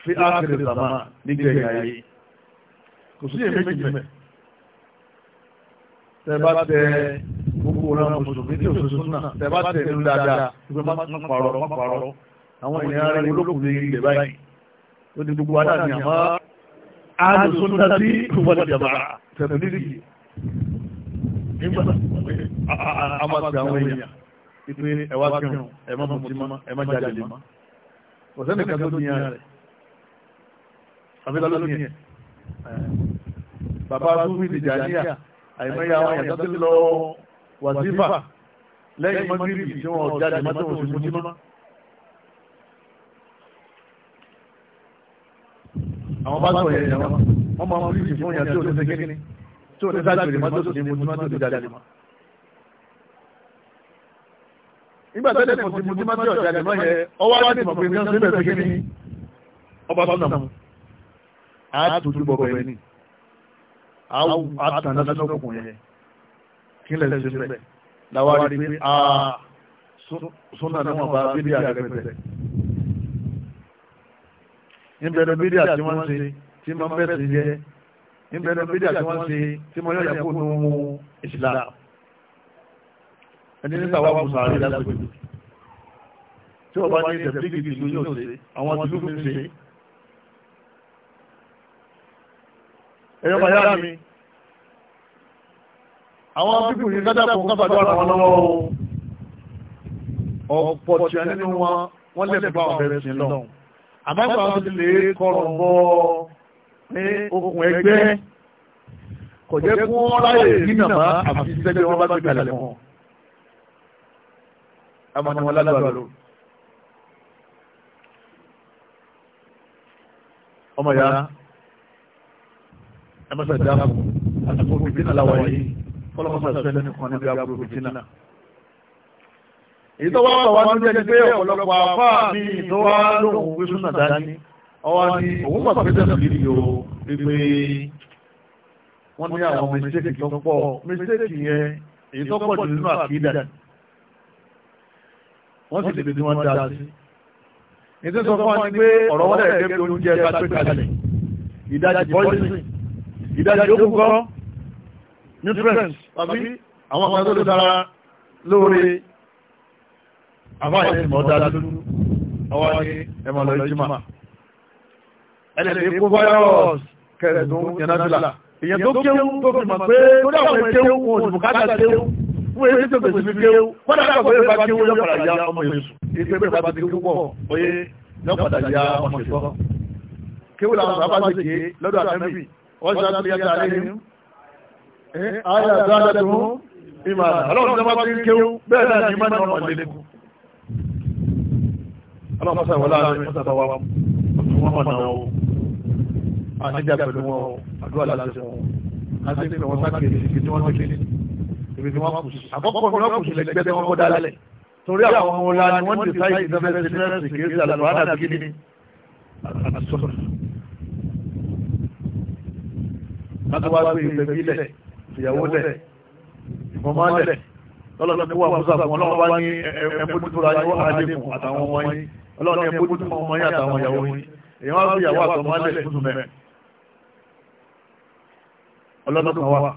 fi ákìrì sàmà nígbẹ̀yà ayé kò sí èmi méjì mẹ́ tẹ bá tẹ gbogbo ọ̀nà mùsùlùmí alùsùnàtì wọlé jàmàrà tẹ̀lẹ́lì àmàtì àwọn èèyàn ìpè ẹ̀wá kírun ẹ̀má mọ̀tí mọ́ ẹ̀má jáde lè mọ́ ọ̀sẹ̀ nìkan tó nìyà rẹ̀ àbíkọ́ ló nìyẹn bàbá súnmí Tìjàníyà àìmọ́yà àwọn èèyàn tó ti lọ wàsífà lẹ́yìn mọ́tírì tí wọ́n jáde mọ́tò òsì mọ́tí mọ́ àwọn bá sọ̀rọ̀ yẹn jàmá wọ́n máa rí ìsìn fún tí ò ní sẹ́kẹ́ ní tí ò ní sáà jùlọ mọ́tò ní mo ti mọ́tò ní jáde mọ́. nígbà tẹ́lẹ̀ kan tí mo ti mọ́tò ọ̀jáde mọ́ yẹn ọwọ́ wá ti mọ̀ pé nǹkan síbẹ̀ ní ọba tó nàmú. a tutù bọ̀bọ̀ yẹn ni a tàn náà lọ́kùn yẹn kí lẹ̀ ṣe bẹ̀ ìbẹ̀rẹ̀ bídí àti wọ́n ṣe tí mo bẹ̀rẹ̀ sí jẹ́ ìbẹ̀rẹ̀ bídí àti wọ́n ṣe tí mo yọ̀ yẹ̀kú nù mú ìsìlá ẹni nígbà wà mú sàárè lásìkò tí ọba ní ìtẹ̀bílíkì ìlú yóò ṣe àwọn tìlú mi ṣe ẹ̀yọ́ bàyá mi àwọn pípù yìí ládàkùn kábàdọ́ ara wọn lọ́wọ́ ọ̀pọ̀ tí a nínú wọn wọ́n lè àmọ́gbà wọn lè kọrùn bọ́ ní okùn ẹgbẹ́ kò jẹ́ kí wọ́n ráyè nínà má àfi wọn bá gbé kalẹ̀ wọn. àmọ́ ni ọmọ ya ẹ mọ́sá ìjà àbùkù àti kò fìdí náà láwàá yìí fọlọ́mọ́sá ìṣẹ́lẹ̀ nìkan níbi àbùkù fìdí náà èyí tó wá wà wá níjẹ́ pé ọ̀pọ̀lọpọ̀ àfá mi tó wá lóhun pé súnà dání ọwá ni òun bà pé tẹ̀sán yìí yóò pé wọ́n ní àwọn mistake tó pọ̀ mistake yẹn èyí tó pọ̀ jù nínú àkídà wọ́n sì lè bí wọ́n dá sí ètò sọ fún wa ni pé ọ̀rọ̀ wọ́n dẹ̀ bí oúnjẹ bá pé kalẹ̀ ìdajì poison ìdajì ó nutrients tàbí àwọn ọmọ tó dára lóore àmọ́ àyè mọ̀ dáadáa lójú àwọn ni ẹ máa lọ ìjímà ẹlẹ́dẹ̀ẹ́ kó fáyọ́s kẹrẹ̀dún yanájúlá èyàn tó kéwú tó fi mọ̀ pé torí àwọn kéwú wọn ò bùkátà kéwú fún èyí tó gbèsè fi kéwú kọ́dà kọ́ pé bá kéwú yọ padà ya ọmọ èṣù ìpè pé bá ti kéwú pọ̀ oyé yọ padà ya ọmọ èṣù kéwú làwọn bàbá ti ké lọ́dọ̀ àtẹ́bì wọ́n ṣe àtúnyẹ ta lẹ́yìn ayé àti àdàtún ìmọ̀ àlọ́ ọlọ́mọ́sá ìwọ̀lá àárín mọ́sàbá wa wọ́n mọ̀ náà ó àníjà pẹ̀lú wọn àdúrà láti wọn láti pẹ̀lú wọn sákèjì ibi tí wọ́n ti ibi tí wọ́n kù sí àkọ́kọ́ ni wọ́n kù sí lẹ́gbẹ́ tí wọ́n kọ́ dálẹ̀ torí àwọn ọmọ ọlá ni wọ́n ti sáyé ìdánfẹ́sì nẹ́ẹ̀sì kì í sí àlọ́ àdàbí ní àtúwá gbé ìfẹ́ bílẹ̀ ìyàwó lẹ̀ ìfọ̀mọ́lẹ̀ ọlọ́run ní wà musa fún ọlọ́run wá ní ẹ̀mójútóra yín wà álékùn àtàwọn ọmọ yín ọlọ́run ní ẹ̀mójútó ọmọ yín àtàwọn ìyàwó yín èyàn wá fìyàwó àtọmọ́lẹ̀ tuntun mẹ́ ọlọ́dún kan wà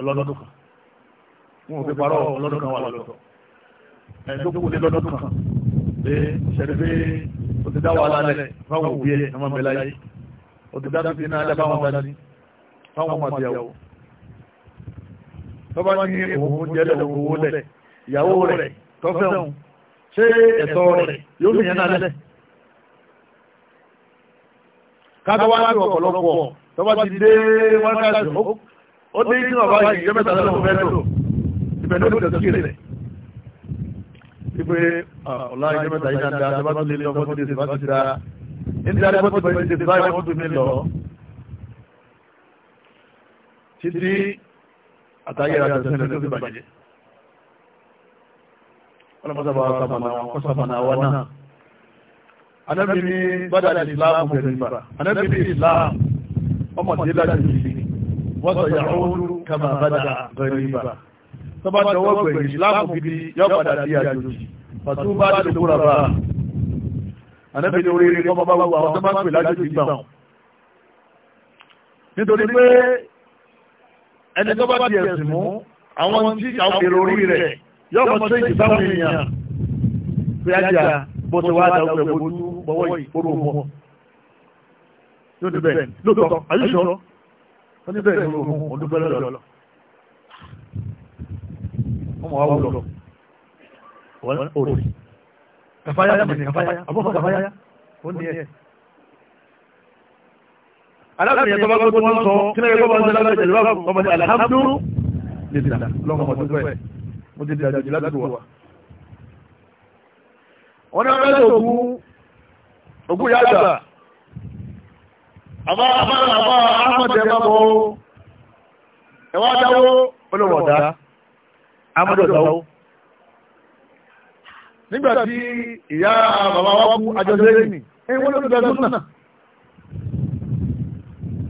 ọlọ́dún kan wọn ò fi parọ́ ọlọ́dún kan wà lọ́tọ̀ ẹni tó kù ní lọ́dún kan pé ṣẹ̀rí ti dá wàhálà lẹ̀ fáwọn òbí ẹ̀ ọmọ mi láyé o ti dá tó bá ní òun jẹ́lẹ̀ owó lẹ̀ ìyàwó rẹ̀ tọ́fẹ́hùn ṣé ẹ̀tọ́ rẹ̀ yóò fi yẹn náà lẹ̀ káàkiri wá láti ọ̀pọ̀lọpọ̀ tó bá ti dé wọn káàkiri ó dé ní ọ̀bá yìí jẹ́ mẹ́ta lọ́wọ́ fẹ́ lò ibẹ̀ ló lè tẹ̀sí rẹ̀ wípé ọ̀la ìjẹ́ mẹ́ta yìí náà dáa tó bá tún lé ní ti dáa àtàyèrè àtẹ̀sẹ̀ ló ti bàjẹ́ ọlọ́mọsábà sàmànà wọn kọ́ sàmànà wọn náà anábì ní bàdà ìsìláàmù bẹ̀rẹ̀ nípa anábì ní ìsìláàmù ọmọ tí láti sí wọ́n sọ yà ọ́rù kama bàdà bẹ̀rẹ̀ nípa tó bá tọwọ́ gbẹ̀rẹ̀ ìsìláàmù gidi yọ padà sí àjòjì pàtó bá ti kúra bá anábì ní oríire kọ́ bá wà wọ́n tó bá pè lájòjì gbà nítorí pé ẹni tó bá di ẹ̀sìn mú àwọn tí àwọn èrò orí rẹ̀ yóò mọ̀ sí ìsáwọn èèyàn pé ajá bó ti wá àdáwọ̀ ẹ̀ bójú bọ́wọ́ ìkóró mọ́ yóò dé àyíṣọ́ wọ́n ní bẹ́ẹ̀ ní ọdún pẹ́lẹ́ lọ́lọ́ ọmọ wa wúlọ wọ́n orí kàfáyá mọ̀ ní kàfáyá àbọ̀fọ̀ kàfáyá ó ní ẹ̀ alábìnrin tó bá gbọ́ tó wọ́n sọ kí lẹ́yìn bọ́bá ń sọ lábẹ́ ìjẹ̀lú bá ọmọ ní alhamdu lèdìdà lọ́mọ ọmọ tó bẹ́ẹ̀ mo ti dìdà jù láti wà. wọ́n ní ọ̀rẹ́ òkú òkú yá gbà àbá àbá àbá ahmed ẹ̀ máa bọ̀ ẹ̀ wá dáwó olówó ọ̀dá ahmed ọ̀dáwó. nígbà tí ìyá bàbá wa kú àjọṣe lẹ́yìn ẹ̀ wọ́n ló ń bẹ̀rẹ̀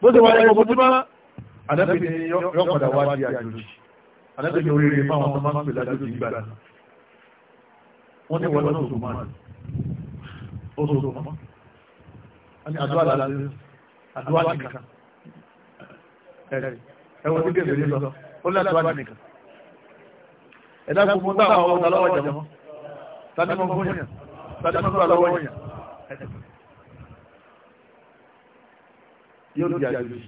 bó ti wà ní ọmọ ojúmọ́ anábì ni yọ padà wá di àjòjì anábì ni oríire fáwọn ọmọ máa ń pè lájòjì nígbà náà wọ́n ní wọlé oṣù mọ́ oṣù mọ́ àdúrà láti àdúrà nìkan ẹ̀wọ̀n tí kébèrè lọ ó ní àdúrà nìkan ẹ̀dá kò mú táwọn ọmọ ọ̀tá lọ́wọ́ jẹ̀mọ́ tani mọ̀ fún yàn tani mọ̀ fún àlọ́wọ́ yàn yóò di àjòjì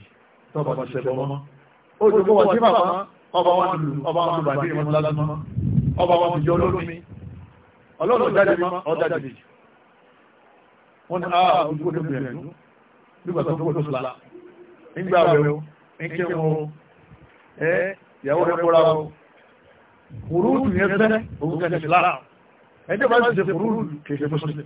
tọ́ba ti ṣẹ̀bọ̀ mọ́. ó ti kó wọ́n sí bàbá ọba wọn lù ọba wọn lù bàbá ìrìn lásán ọba wọn ti jọ olómi ọlọ́run jáde mọ́ ọjà jìjì. wọ́n ní a ah, ojúkó tó gbìyànjú nígbà tó kó ṣe kùrú kèké fún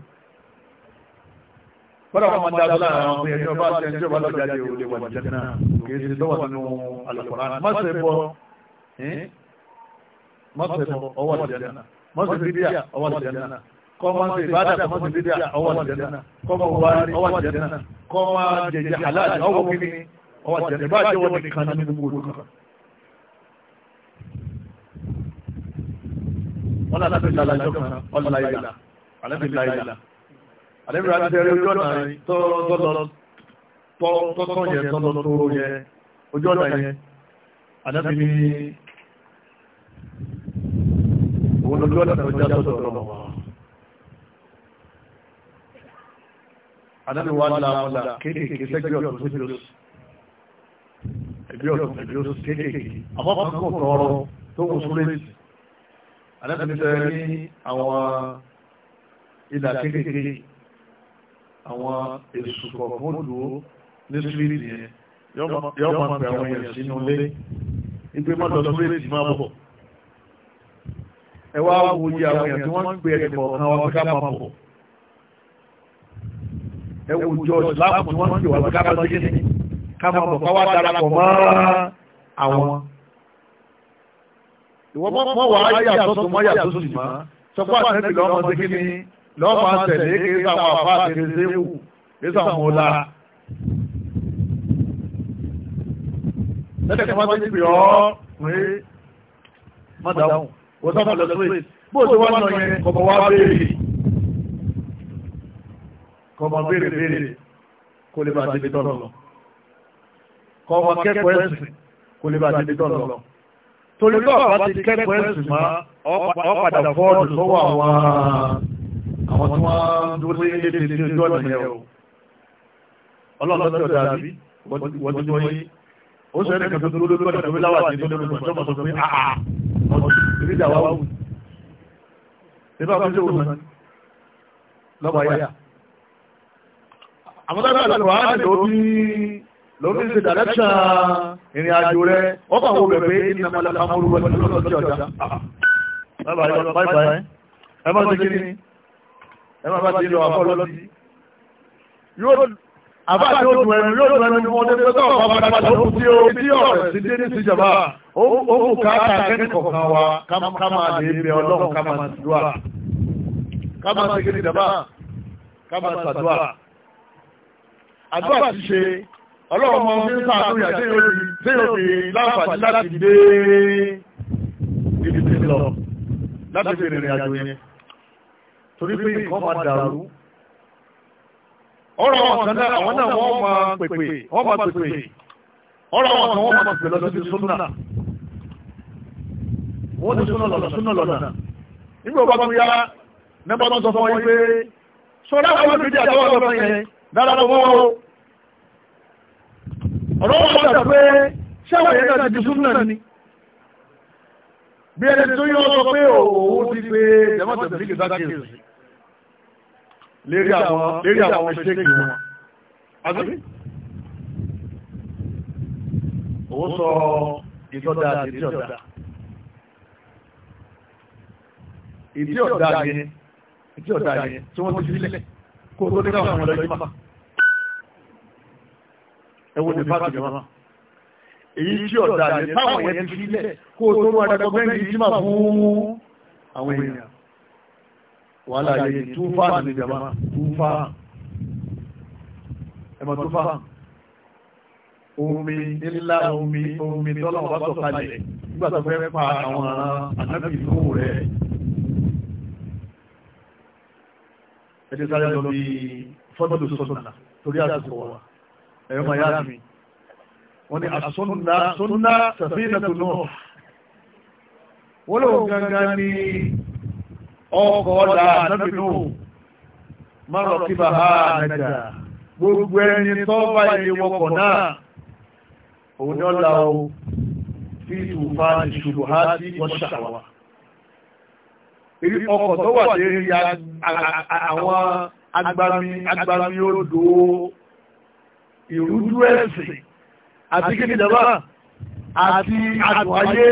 kọ́dà wọn máa dáadọ́ láàrin àwọn ọmọ ẹ̀yọ́ bá ṣe ẹjọ́ bá lọ jáde òde wà jẹ́ náà kì í ṣe tọ́wọ́ nínú alùpùpù má ṣe bọ́ má ṣe bọ́ ọwọ́ àti jẹ́ náà má ṣe bídíà ọwọ́ àti jẹ́ náà kọ́ máa ṣe ìbádà kọ́ máa ṣe bídíà ọwọ́ àti jẹ́ náà kọ́ máa àdébìrì àti ẹrẹ ojú ọ̀nà tọ́tọ́ yẹn tọ́lọ tóóró yẹn ojú ọ̀nà yẹn àdábì ní òun lójú ọ̀nà tó já sọ́dọ̀ ọ̀rọ̀ àdábì wà ní àwọn ọ̀là kéékèèké sẹ́gbẹ́ ọ̀tún tó jọ ẹgbẹ́ ọ̀tún ẹgbẹ́ ọ̀tún kéékèèké àmọ́ kan kò tọrọ tó kò súnlé àdábì ní àwọn ilà kéékèèké àwọn èsù kọ̀ọ̀kan dúró ní síríìtì yẹn yọ́ máa pẹ̀ àwọn èèyàn sínú ilé ìgbé má lọ síríìtì máa bọ̀ ẹ wá wo iye àwọn èèyàn tí wọ́n ń gbé ẹ̀dẹ̀ kọ̀ọ̀kan wọn ká máa bọ̀ ẹ wo jọ ìsìláàmù tí wọ́n ń gbé wọn ká máa sí ní ká máa bọ̀ káwá darapọ̀ mọ́ àwọn ìwọ́n mọ́ wàá yà tó tó mọ́ yà tó sì mọ́ sọ lọ́wọ́ máa tẹ̀lé kí sáwọn àfáà tẹ̀lé séwù kí sáwọn mọ̀ lára. lẹ́tẹ̀ kan máa tẹ̀lé pé ọ́ pé má dáhùn wọ́n sábà lọ sí bóòtù wọn lọ yẹn kọ̀mọ̀ wá béèrè kọ̀mọ̀ béèrè béèrè kó lè bá débi tọ̀nà lọ kọ̀mọ̀ kẹ́kọ̀ọ́ ẹ̀sìn kó lè bá débi tọ̀nà lọ torí bá ti kẹ́kọ̀ọ́ ẹ̀sìn máa ọ̀padà fọ́ọ̀dù sọ́wọ́ àwọn àwọn tí wọ́n dúró sí ilé tètè ní ojú ọ̀nà yẹn o ọlọ́run lọ́sẹ̀ ọ̀dà bí wọ́n ti wọ́n yé ó sọ ẹni kan tó dúró lórí ọ̀nà ìwéláwà ní tó lórí ọ̀nà ìjọba sọ pé àà ìbí ìjà wa wù ìbá fún ìṣòwò sàn lọ́wọ́ ayá àwọn tọ́lá àlọ́ àá lò bí lórí ṣe dàrẹ́ṣà ìrìn àjò rẹ ó kàn wọ́n bẹ̀rẹ̀ pé iná mọ́lá pàmò orúkọ ìjọba sọ̀tì ọ̀dà báyìí báyìí ẹ bá ṣe kí ni ẹ máa bá ti lọ àbọ̀ lọ́sí. àbá tí ó dùn ẹnu yóò dùn ẹnu fún ọdún tó tọ̀ bá bá tó tí ó tí ọ̀rẹ́ sí dé ní síjàmbá ó kù ká ká kẹ́kọ̀ọ́ kan wa ká máa lè bẹ ọlọ́run ká máa ṣàdúrà ká máa ṣe kéde dàbà ká máa ṣàdúrà. àdúrà ti ṣe ọlọ́run mọ ní sáàtú yà tí yóò fi láǹfààní láti dé ibi tí ń lọ láti fi rìnrìn àjò yẹn torí pé nǹkan máa dàrú ọ̀rọ̀ àwọn kan náà àwọn náà wọ́n máa pèpè wọ́n máa pèpè ọ̀rọ̀ àwọn kan wọ́n máa pèpè lọ síbi súnà wọ́n ti súnà lọ́nà súnà lọ́nà nígbà bá tún yá nígbà tó ń sọ fún wọn pé sọ́dá àwọn olùdíje àtàwọn ọlọ́pàá yẹn dára tó wọ́n o ọ̀rọ̀ wọn gbà pé ṣẹ́wọ̀n yẹn náà ti di súnà ni bí ẹni tó yọ ọ sọ pé òun ti pé jẹ́mọ́tẹ̀ lérí àwọn mistake wọn àbí òun sọ ìtọ́dá àti ìdí ọ̀dá ìdí ọ̀dá yẹn ìdí ọ̀dá yẹn tí wọ́n ti sílẹ̀ kó tó nígbà wọn lọ yíma ẹwọ́n ní fásitì wọn èyí tí ọ̀dá yẹn táwọn yẹn ti sílẹ̀ kó tó wọn adágbọ́gbẹ́ni yíma fún àwọn èèyàn wàhálà yìí túfà ní jama túfà ẹ̀mọ̀ túfà omi ńlá omi omi tọ́lọ̀ bá sọ kalẹ̀ nígbà tó fẹ́ pa àwọn anábì ìlú rẹ̀ ẹ̀dẹ́ sáré lọ bí fọ́tò sọ́nà torí àsìkò wa ẹ̀yọ́ máa yá mi wọ́n ní àsọ́nà sọ́nà sàfihàn tó náà wọ́n lọ́wọ́ gangan ni ọkọ̀ ọ̀dà nábìnú márùn kíbà ha nàjà gbogbo ẹni tó bá ilé wọkọ̀ náà òun ni o fi ìwòfà ìṣòro ha sí ọ̀ṣàwà èyí ọkọ̀ tó wà lé ya àwọn agbami odò ìrújú ẹ̀sìn àti kí ni dàbà àti àdùn ayé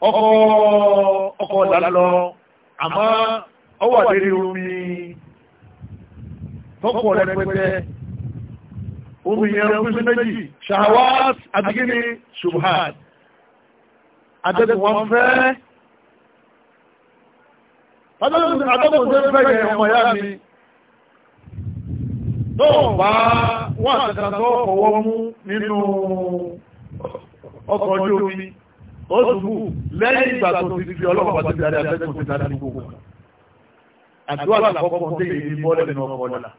ọkọ̀ lálọ́ àmọ́ ọwọ́ àdérí omi tọ́pọ̀ rẹpẹtẹ omi yẹn omi sí méjì ṣàwát àdìgíní ṣubhad àdẹ́kùn wọn fẹ́ àdẹ́kùn tó fẹ́ yẹ ọmọ yá mi tó bá wà tẹ̀kàn tó ọwọ́ mú nínú ọkọ̀ ojú omi ó ṣubú lẹ́yìn ìgbà tó ti fi ọlọ́wọ́ bá ti darí abẹ́tùn ti darí gbogbo àdúrà àkọ́kọ́ tó yẹ ní bọ́ọ̀lù ẹ̀mí ọkọ̀ ọ̀la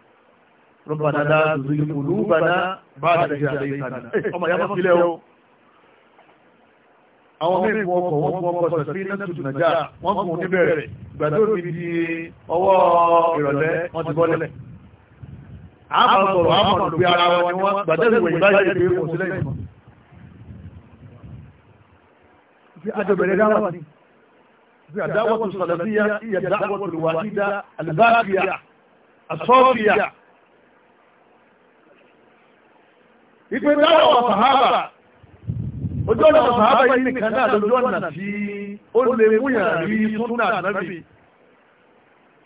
rọ́bàdà dá zùzù olúbàdà bá àdàjì àdàjì ìtàdà ọmọ ìyá máa filẹ̀ o àwọn mẹ́rin wọn kọ̀ wọ́n kọ̀ ọkọ̀ sí iná tuntun nàjà wọ́n kùn níbẹ̀rẹ̀ gbàdúrà ti di ọwọ́ ìrọ̀lẹ́ wọ́n ti bọ́lẹ̀ àmọ̀ sọ̀rọ̀ àmọ̀ lùgbé ara wọn ni wọ́n gbàdúrà ìwé ìbáyé ìgbé òsílẹ̀ ìmọ̀ àjọbẹ̀rẹ̀ dáwà ni àdáwọ̀tò sàlàfíà ìyà dáwọ̀tò wàhídà àlùbáàkìyà àsọ́ọ̀fìyà ìpè dáwọ̀ sàhábà ojú ọ̀nà sàhábà yìí nìkan náà lójú ọ̀nà tí ó lè múyàn rí súnà ànábì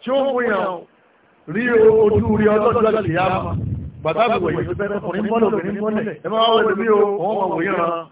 tí ó múyàn rí ojú rí ọlọ́jọ́ àlìyá bàtà àbúwẹ̀ yìí fẹ́ fọkùnrin mọ́lẹ̀ obìnrin mọ́lẹ̀ ẹ máa o wọ́n máa wòye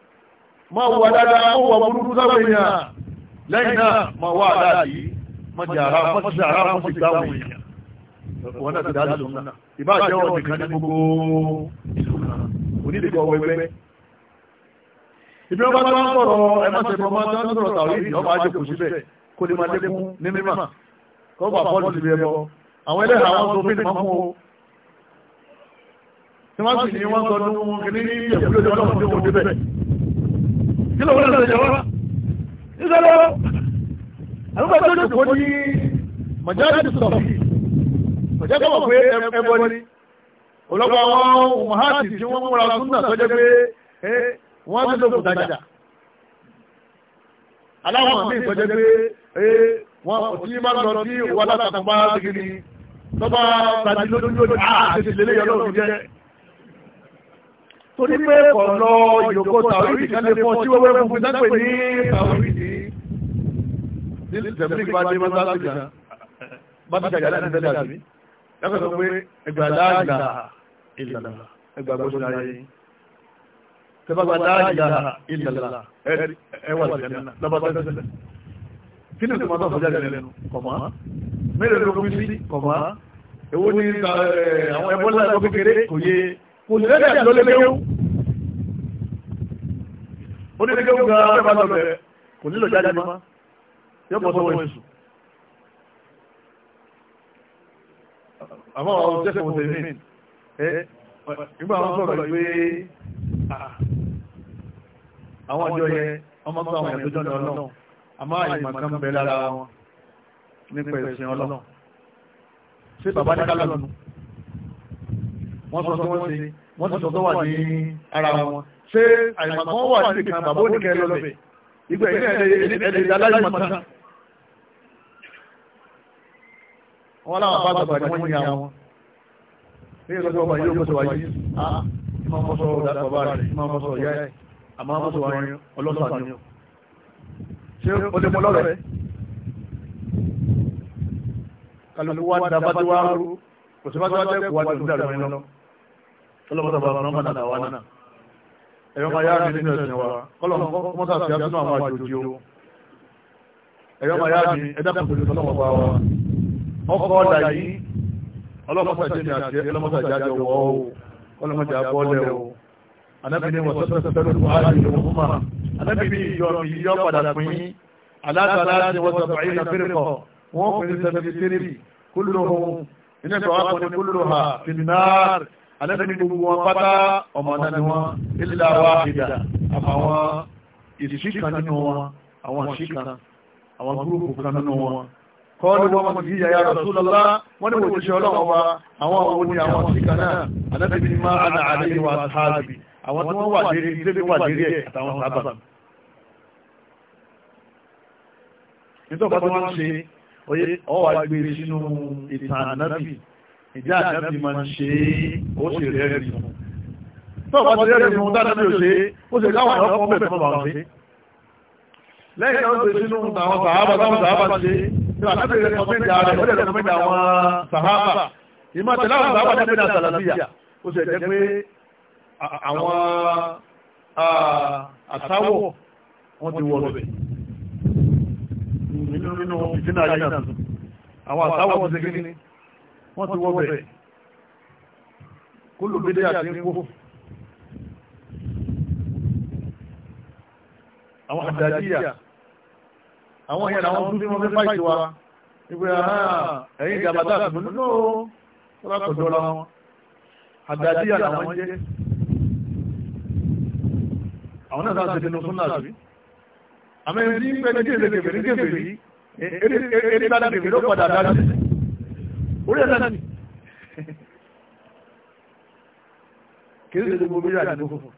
máa wà dáadáa ó wà burúkú sáwọn èèyàn lẹ́yìn náà máa wà aláàdì mọ́jà ara mọ́sí ara mọ́sí gbáwọn èèyàn wọn náà ti dáa lọ́sùn náà ìbá jẹ́ wọn nìkan ní gbogbo ìlú náà onídìgbọ̀ wẹ́gbẹ́ ibi wọn bá tó ń sọ̀rọ̀ ẹ má ṣe fọmọ tó ń sọ̀rọ̀ tàwí ìdí ọba àjòkò síbẹ̀ kó lè máa lékún ní mímà kó bà bọ́ọ̀lù síbi àwọn ẹlẹ́rìí àwọn tó fi ní wọ́n sọ ní kí ló wọ́n lọ́dọ̀ jẹ́ wá ìṣẹ́lẹ̀ àlùkò tó lè kó ní mọ̀jáde sọ̀rọ̀ ọ̀jẹ́ kọ́ pé ẹbọ ni ọlọ́pọ̀ àwọn mọ̀hátì tí wọ́n múra súnà sọ́jẹ́ pé wọ́n ti lókun dájà aláwọ̀ àmì ìsọjẹ́ pé wọ́n tí bá lọ sí wọ́n látàkùn bá ti kiri tọ́ba tàbí lójú lójú àti ìṣẹ̀lẹ̀ yọ lọ́rùn jẹ́ torí pé kò lọ ìyókò tàwíìdì kan lè fọ́ tí wẹ́wẹ́ fún fún dápẹ́ ní tàwíìdì. ní tẹ̀mílì dé mọ́tà sí kan bá ti jàjà láti tẹ́lẹ̀ àbí. yàtọ̀ sọ pé ẹgbà láàgbà ìlànà ẹgbà gbọ́sọ̀ ayé. tẹ́bàgbà láàgbà ìlànà ẹwà ìlànà lọ́bàtẹ́sẹ̀. kí ni tòmátò sọ́jà lẹ́nu kọ̀mọ́ mélòó ló kú sí kọ̀mọ́ èwo ni àwọn ẹbọ́lá ẹ̀kọ́ kékeré kò yé kò lẹ́dà lọ́lẹ́lẹ́wọ́ onídéke àwọn ọjọ́ yẹn wọ́n máa ń sọ àwọn ẹ̀dọ́ jọ́nà ọlọ́run àmọ́ àyèmọ̀ kan bẹ lára wọn nípa ẹ̀sìn ọlọ́run ṣé bàbá ní kálọ̀ wọ́n sọ tó wà ní ara wọn ṣé àyìnbọn wà nìkan bàbá oníkẹ́ lọ́bẹ̀ ìgbà yìí náà ẹni aláìmọ̀ tán. wọn láwọn bá gbàgbà ni wọ́n yin àwọn. ní ìlú ọgbà yìí ó mọ̀ wáyé ah, ìmọ̀ mọ̀sọ̀ ọ̀dà bàbá rẹ̀ ìmọ̀ mọ̀sọ̀ ọ̀yá ẹ̀ àmọ́ mọ̀sọ̀ wáyé ọlọ́sàn ni. ṣé o lè mọ lọ́rẹ̀? kálukú wa dábàá tí wàá rú kò sí bá tí wàá jẹ́ kó wá ẹ̀yọ́ máa yára mi nínú ẹ̀sìn wa kọ́lọ̀ mọ́tà sí àtúnú àwọn àjòjì o ẹ̀yọ́ máa yára mi ẹ̀dá kò tóbi tọ́lọ́mọ bá wa ọkọ̀ ọ̀dà yìí ọlọ́mọta jẹ́ ní àti ẹlọ́mọta jẹ́ àjọ wọ́ o ọlọ́mọta àbọ́lẹ̀ o anábìíní wọ́n sọ́sọ́ fẹ́rẹ́ fún ààrẹ ìlú mọ́ anábìíní ìjọ mi yọ padà pín alátàlá ni wọ́n sọ fàáyé na fẹ́rẹ́ pín sẹ́fẹ́ fẹ́rẹ́ anábìnrin gbogbo wọn pátá ọmọ náà ni wọn ilẹ̀ àwọn àbìdà àmàwọn ìṣíkan nínú wọn àwọn ìṣíkan àwọn gúrùpù kan nínú wọn kọ́ọ̀lù wọn mọ̀ sí yàyà Rasulullah wọ́n ní wòtí ṣe ọlọ́wọ́ wa àwọn òun ni àwọn ìṣíkan náà anábìnrin máa ana àlẹ́ wa sáàbì àwọn tí wọ́n ìjà àjábì máa ń ṣe ó sì rẹ̀ rí fún tó bá ti rẹ̀ rí fún dáadáa ó ṣe ó sì káwọn àwọn ọkọ̀ bẹ̀rẹ̀ fún àwọn ṣe lẹ́yìn ó ṣe sínú àwọn sàhábà táwọn sàhábà ṣe tí wà láti rẹ̀ kọ́mẹ́ntì ààrẹ ó dẹ̀ kọ́mẹ́ntì àwọn sàhábà ìmọ̀ tẹ̀lé àwọn sàhábà tẹ̀lé ní àsàlàbíyà ó sì jẹ́ pé àwọn àtàwọ̀ wọ́n ti wọ̀ lọ́bẹ̀ nínú ìdínà ayé náà àwọn àtàwọ̀ wọ́n ti wọ́ bẹ̀ kúlù bídé àti ń kó àwọn àdájíyà àwọn èèyàn àwọn tún tí wọ́n fẹ́ fáìtì wa ìgbé ẹ̀yìn ìjàmbá tá àtùmù nínú ọlọ́pọ̀jọ́ la wọn àdájíyà làwọn jẹ́ àwọn náà sáà ti dẹnu súnà sí àmì ẹni tí ń pẹ́ ní kéfèé kéfèé ní kéfèé yìí eré bá dá kéfèé ló padà dá sí orí ẹ̀sán ni kìí ṣe gbogbo bíi àdìgbò fòfò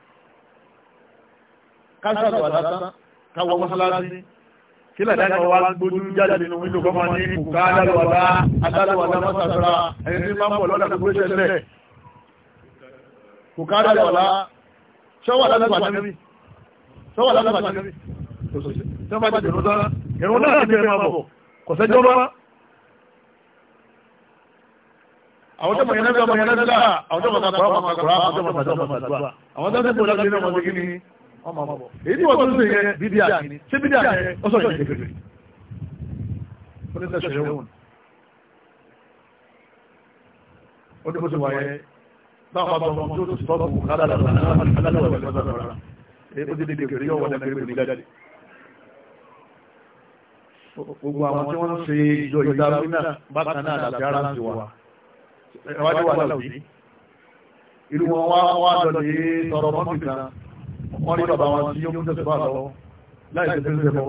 káṣáàtù àdásán káwọ mọ́sálásí kí lẹ́dá kan wá gbójú jáde nínú wíńdò kan máa ní kùkà àdàlùwàdà àdàlùwàdà mọ́sàtúrà ẹni tí máa ń bọ̀ lọ́dà gbogbo ìṣẹ̀lẹ̀ kùkà àdàlùwàdà ṣọ́wọ́ àdàlùwàdà mi ṣọ́wọ́ àdàlùwàdà mi tọ́ba ti dùn tán ìrún náà ti fẹ́ máa bọ̀ kọ̀ṣẹ́jọ́ máa àwọn tó mọ̀ yẹn lọ́dọ̀ mọ̀ yẹn lọ́dọ̀ àwọn tó mọ̀ kàkọ́rọ́ mọ̀ kàkọ́rọ́ àwọn tó mọ̀ sàdúrà mọ̀ sàdúrà àwọn tó ń bọ̀ lọ́dọ̀ nínú ọmọdé kí ni ọmọ ọmọ èyí tí wọ́n tó ń sè yẹn bíbí àkíní ṣé bíbí àkíní ó sọ̀rọ̀ yẹn kékeré ó ní sẹ́sẹ̀ yẹn ó ní bó ti wà yẹn báwa bá wọn tó ti tọ́kù kálá gbogbo àwọn tí wọ́n ń ṣe ìjọ ìdárò náà bákan náà àti ara ń ti ẹ̀wájú wà láwùjí ìlú wọn wá wá lọlẹ̀ sọ̀rọ̀ mọ́tì kan wọ́n ní bàbá wọn tí yóò mú tẹ̀sùbá lọ láì tẹ̀sùbá lọ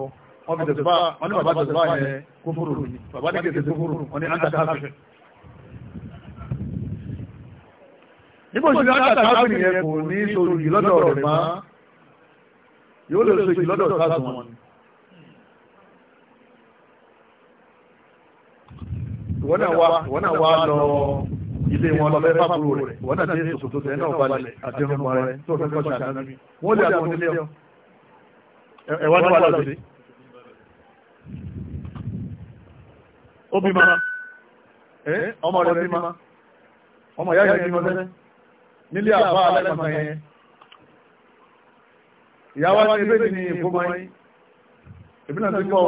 wọ́n fi tẹ̀sùbá wọ́n ní bàbá tẹ̀sùbá yẹn kófòrò ní bàbá ní kéde kófòrò wọ́n ní ìwọ náà wá lọ ilé wọn lọ bẹ́ẹ̀ fábúrò rẹ̀ ìwọ náà dé sòsòtò tẹ̀ náà balẹ̀ àti ọmọ rẹ̀ tó fẹ́ kọ́ṣà dáná wọ́n lè àtọ̀ nílé ọ ẹ̀wọ́n náà wà lọ sí. ó bímọ ọmọ rẹ̀ bímọ ọmọ ìyá yẹn bímọ lẹ́lẹ́ nílé àbá alẹ́kọ̀ọ́ yẹn ìyá wa ti bẹ́ẹ̀ ni ìfowópamọ́ yìí ìbí náà ti gbọ́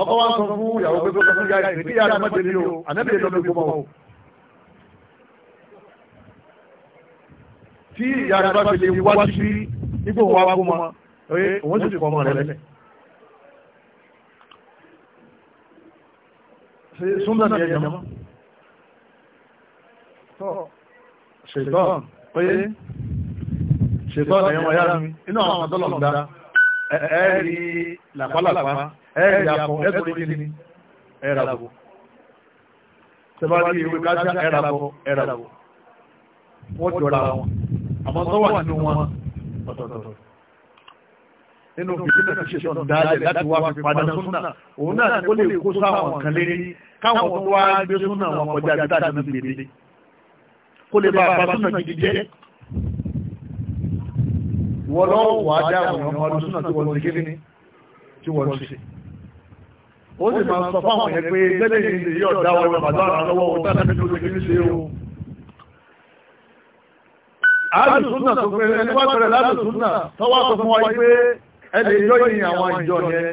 ọkọ wa sọ fún ìyàwó pé kó fún yára ìpínlẹ̀ yára má délé o ànábìyẹ lọ gbogbo mọ́ o. tí ìyára bá fi lè wá sí nígbò wá wá gbọmọ oye òun sì fọmọ rẹ lẹ. súnmọ́ ni ẹ̀yẹ̀ mọ́. ṣètọ́ oye ṣètọ́ ẹ̀yẹ̀ mọ́ yára mi inú àwọn àtọ́lọ̀ ń dá ẹ̀ẹ́rì làpálàpá ẹ̀ẹ́dàbọ̀ ẹ̀kùnrin kìíní ẹ̀ràbọ̀ sẹ́bàrí ìwé gájá ẹ̀ràbọ̀ ẹ̀ràbọ̀ wọ́n jọra wọn àmọ́ tó wà nínú wọn ọ̀tọ̀ọ̀tọ̀ nínú fìdílẹ̀ tó ṣe sọ̀rọ̀ dáadẹ̀ láti wá fi padà súnà òun náà ó lè kó sáwọn kan lé káwọn tó wá gbé súnà wọn kọjá bí táàdì náà gbèrè kó lè bá bá súnà gidi jẹ́ wọ́n lọ́wọ́ wàá dáhùn ọmọ ọdún súnà tí wọ́n ti kéré ní tí wọ́n ti ṣe ó sì máa sọ fáwọn yẹn pé lẹ́lẹ́yìn lè yí ọ̀dà wọn bàbá àwọn lọ́wọ́ òun tàbí nínú ìlú ṣe o. àádùsúnà tó pé ẹni wá pẹ̀lẹ́ láàdùsúnà tọ́wọ́ sọ fún wa pé ẹ lè yọ ìyìn àwọn ìjọ yẹn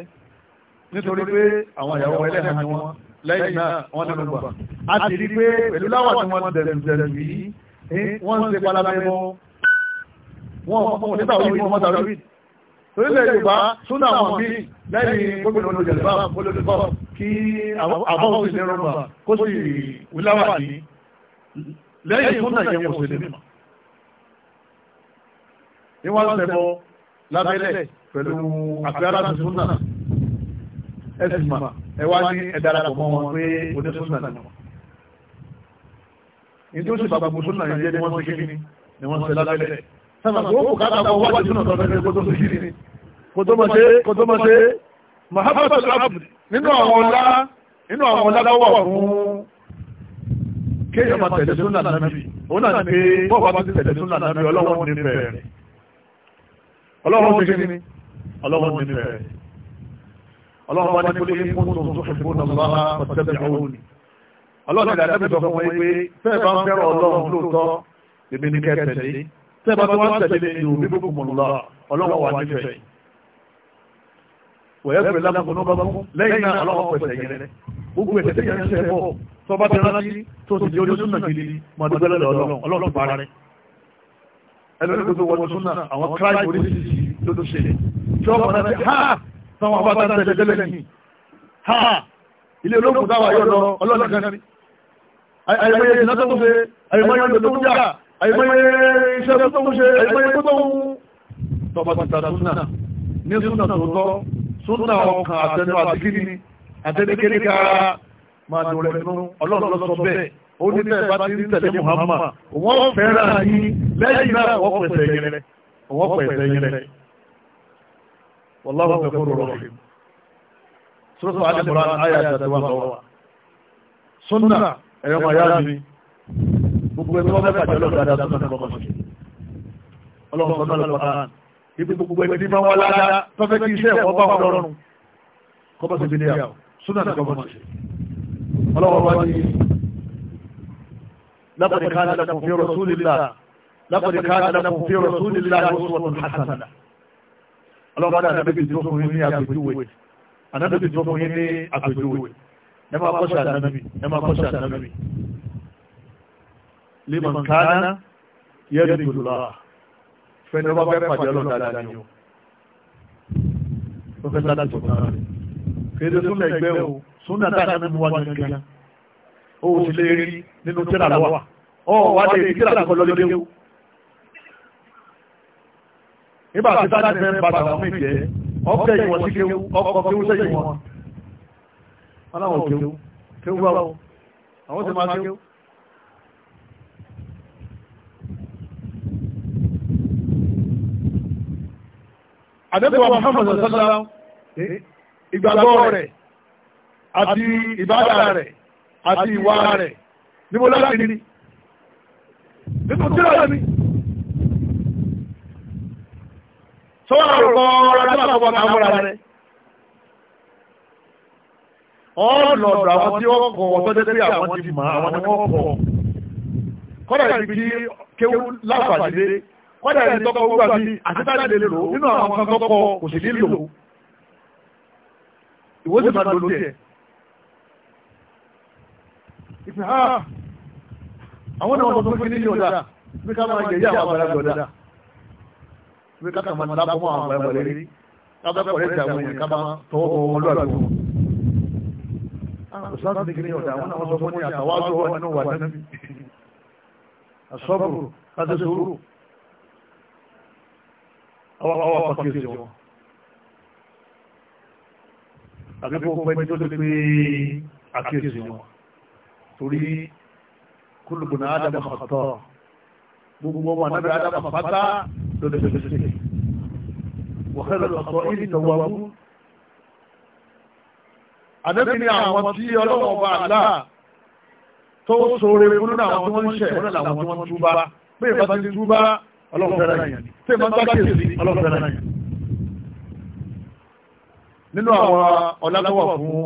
nítorí pé àwọn ìyàwó ẹlẹ́hàn ni wọ́n lẹ́yìn náà wọ́n nínú gbà. a ti rí pé pẹ̀lú láwà tí wọ́n dẹ̀rù dẹ̀rù yìí wọ́n ń ṣe palamẹ́mọ́ wọ́n fún orílẹ̀ yorùbá súnà àwọn bí lẹ́yìn gómìnà olùjẹ̀lẹ̀bá olùjẹ̀lẹ̀bá kí àbọ̀wò sí rọ́bà kó sì wíláwà ní lẹ́yìn súnà yẹn kò sí lè mímọ̀ ní wọ́n tẹ̀bọ̀ lábẹ́lẹ̀ pẹ̀lú àpẹ́rẹ́ àti súnà ẹ̀sìn mà ẹ̀wá ní ẹ̀dárapọ̀ mọ́ wọn pé onísúnà náà ìdí ó sì bàbá mùsùlùmí náà yẹn ni wọ́n ṣe kí ni wọ́n ṣe lábẹ́lẹ̀ sábà gbogbo kátàkọ̀ wájú náà tọ́lẹ́lẹ́ kó tó ṣe kí ni kò tó mọ̀ ṣe kò tó mọ̀ ṣe mahabbatul abd nínú àwọn ọlá nínú àwọn ọlá lọ́wọ́ fún kéèyàn máa tẹ̀lé súnà nàbì òun náà ni pé bọ́ọ̀ bá ti tẹ̀lé súnà nàbì ọlọ́wọ́ ní bẹ̀rẹ̀ rẹ̀ ọlọ́wọ́ ní kíni ọlọ́wọ́ ní bẹ̀rẹ̀ rẹ̀ ọlọ́wọ́ wá ní kúlé fún tó fún fún ọmọ ọ̀tẹ́bẹ̀ òun ọlọ́wọ́ ní àdábì sọ fún wọn pé fẹ́ẹ̀ bá ń fẹ́ràn ọlọ́run lóòótọ́ èmi ní kẹ́ tẹ̀lé fẹ́ẹ̀ bá tó wá tẹ̀lé ní òbí gbogbo mọ̀lá ọlọ́wọ́ wà nífẹ̀ẹ́ wẹ̀yẹ́gbẹ̀rẹ̀ lákòókò náà bá mú lẹ́yìn náà ọlọ́wọ́ pẹ̀sẹ̀ yẹn rẹ̀ gbogbo ẹ̀sẹ̀ tí yẹn ń ṣe bọ̀ tó bá tẹ́lá sí tó sì di onísúnà kìlì mọ̀ dúpẹ́lẹ́ lọ́lọ́run ọlọ́run bá rẹ̀ ẹlẹ́rìí tó tó wọ́n súnà àwọn kíláàsì oríṣiríṣi ló tó ṣe tí wọ́n padà sí ha táwọn abá tá ń tẹ̀lé tẹ́lẹ̀ ní ha ilé ológun táwa yọ̀ lọ ọlọ́run kan ní àyẹ̀mọ́yẹ iná tó ṣe àyẹ̀mọ́yẹ ọjọ́ tó ń jà àyẹ̀mọ́yẹ iṣẹ́ tó ń ṣe àyẹ̀mọ́yẹ tó ń tọ́ba ti tàdá súnà ní súnà tó tọ́ súnà ọkàn àtẹnu àtìkiri àtẹnikẹ́ni ká máa dùn rẹ̀ nínú ọlọ́run lọ́sọ bẹ́ẹ̀ ó ní bẹ́ẹ̀ bá ti ń tẹ̀lé Muhammad wọ́n fẹ́ràn yín lẹ́yìn náà wọ́n pẹ̀sẹ̀ yẹn rẹ̀ wọ́n pẹ̀sẹ̀ yẹn rẹ̀ wọ́láwọ́ fẹ́ fún rọrọ̀ sọ́sọ́ alìmọ̀rán ayé àtàtàwà lọ́wọ́ súnà ẹ̀yọ́ máa yára mi gbogbo ẹgbẹ́ ibi gbogbo ẹni máa wá lára tọ́fẹ́ kí iṣẹ́ ẹ̀kọ́ bá wọn lọ́rùn kọ́bọ̀ sí ìbílẹ̀ àwọn súnà ní gọ́ọ̀mọ̀ sí ọlọ́wọ́ wá ní laqad kana lakum fi rasulillah laqad kana lakum fi rasulillah uswatun hasana ọlọ́wọ́ náà nàbẹ́bí tí ó fún yín ní àpèjúwe ànábẹ́bí tí ó fún yín ní àpèjúwe ẹ máa kọ́ṣe ànábì ẹ máa kọ́ṣe ànábì liman kana yẹ́rẹ́ fẹ́ni ọba fẹ́ pàdé ọlọ́run dáadáa ni o ó fẹ́ sáadà tó náà rẹ̀ kéde súnà ẹgbẹ́ o súnà dáadáa nínú wa ní kẹyà ó sì lè rí nínú tíra lọ́wà ọ wà lè rí tíra kọ́ lọ́lé léwu nígbà tí sáadà fẹ́ ń bàtà wọn méjì ẹ ọkọ̀ ìwọ̀n sí kéwu ọkọ̀ kéwu sẹ́yìn wọn wọn làwọn kéwu kéwu báwo àwọn sì máa kéwu. àdẹ́kọ̀ọ́ Muhammad sallam eh? ìgbàgbọ́ rẹ̀ àti ìbádà rẹ̀ àti ìwà rẹ̀ níbo láti rí nínú tíra ní sọ́wọ́n àrùkọ́ ọ̀rọ̀ àbọ̀ kàmúra rẹ̀ ọ̀lọ́dọ̀ àwọn tí wọ́n kọ̀ ọ̀tọ́jẹ́ pé àwọn ti mọ̀ àwọn ni wọ́n kọ̀ kọ́dà ìbí kéwú láfàdé kọ́dà ẹni tọ́kọ́ gbogbo àbí àtẹ́tàdé lè lò nínú àwọn kan tọ́kọ́ kò sì ní lò ìwọ sì máa lò lóṣẹ̀. ìpè ha ah, ah, àwọn náà wọ́n sọ fún kíní yọ̀dá bí ká máa yẹ̀yẹ́ àwọn àgbàlá yọ̀dá bí ká kà máa dábọ̀ àwọn àgbàlá yọ̀dá rí ká bá kọ̀rẹ́ ti àwọn èèyàn ká máa tọwọ́ bọ̀ wọn lọ́dọ̀ àdúgbò. àṣọ àti kíní yọ̀dá àwọn náà wọ́n ọwọ́ àpàkíyèsí wọn àgbẹ̀kọ́ pẹ́ tó lè pé àkíyèsí wọn torí kúlùkùnà ádámà ọ̀tọ̀ gbogbo ọmọ anábẹ́ ádámà pátá ló lè pèsè sí wọ̀hẹ́lẹ̀ ọ̀tọ̀ ìlú tọ̀wọ̀ Adébí ni àwọn tí ọlọ́wọ́ bá àlá tó sóore fún àwọn tí wọ́n ń ṣẹ̀ wọ́n làwọn tí wọ́n túbá. Bí ìbá ti túbá, ọlọ́run fẹ́ràn yẹn tí èèmọ̀ bá kéèsì ọlọ́run fẹ́ràn yẹn. nínú àwọn ọ̀làlọ́wọ̀ fún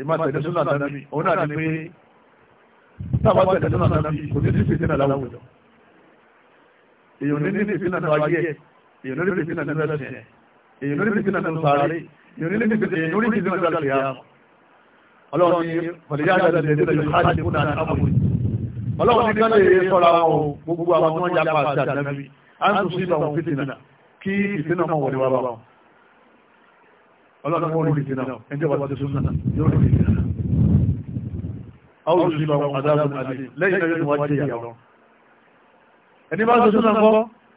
ìmọ̀tẹ̀lẹ́ sọ́nà àdánábì òun náà ni pé táwa tẹ̀lé sọ́nà àdánábì kò ní sí fìdí náà láwùjọ. èèyàn ní ní fìdí náà wáyé èèyàn ní fìdí náà nínú ẹ̀sìn èèyàn ní fìdí náà nínú sàárè èèyàn ní fìdí náà nínú ọlọ́run ni fọ̀lẹ́yà ọlọ́run nìkan lè sọ́ra wọn o gbogbo àwọn tí wọ́n yapa àti àdánábì á ń tún sí ìlànà fìtìnà kí ìfìtìnà máa wọlé wa bá wọn ọlọ́run wọ́n rí ìfìtìnà ẹni tí wọ́n bá ti sún náà yóò rí ìfìtìnà àwọn òṣìṣẹ́ àwọn àdáàbò àti lẹ́yìn ẹ̀yọ́ ni wọ́n jẹ́ ìyàwó ẹni bá ń sọ́sọ́ náà kọ́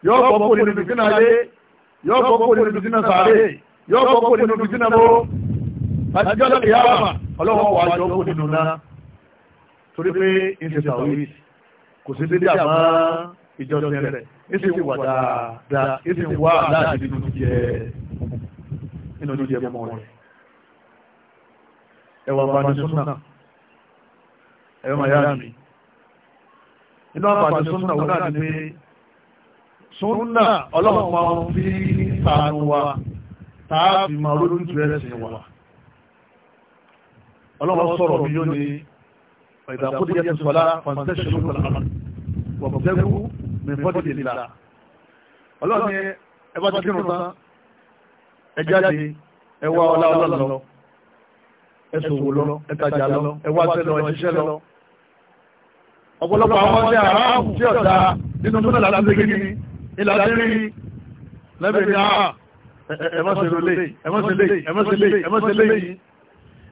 yóò kọ́ kó nínú fìtìnà ayé yóò kọ́ kó nínú fìtìnà sàárè yóò kọ́ kó nínú fìtìnà bó àtijọ́ lọ́kì yára torí pé ń ṣe tàwí kò sí dédé àmọ́ ìjọsìn rẹ̀ ń wà dáadáa ń wà láti nínú jẹ nínú jẹ mọ́ rẹ̀ ẹwà abánisúnà ẹwà yára mi inú abánisúnà wọn náà ni pé súnà ọlọ́run máa fi sàánú wa tààbì máa lójú sọ̀rọ̀ mi yóò ní فإذا قضيت الصلاة فانتشروا في الأرض وابتغوا من فضل الله ọlọ́run ni ẹ bá ti kírun tán ẹ jáde ẹ wá ọlá ọlọ́run lọ ẹ ṣòwò lọ ẹ tajà lọ ẹ àwọn ọdẹ aráàlú tí ọ̀dà nínú tó nàlá ṣe kíni ilà lérí lẹ́bẹ̀ẹ́ ní àá ah, ẹ má ṣe lé yìí.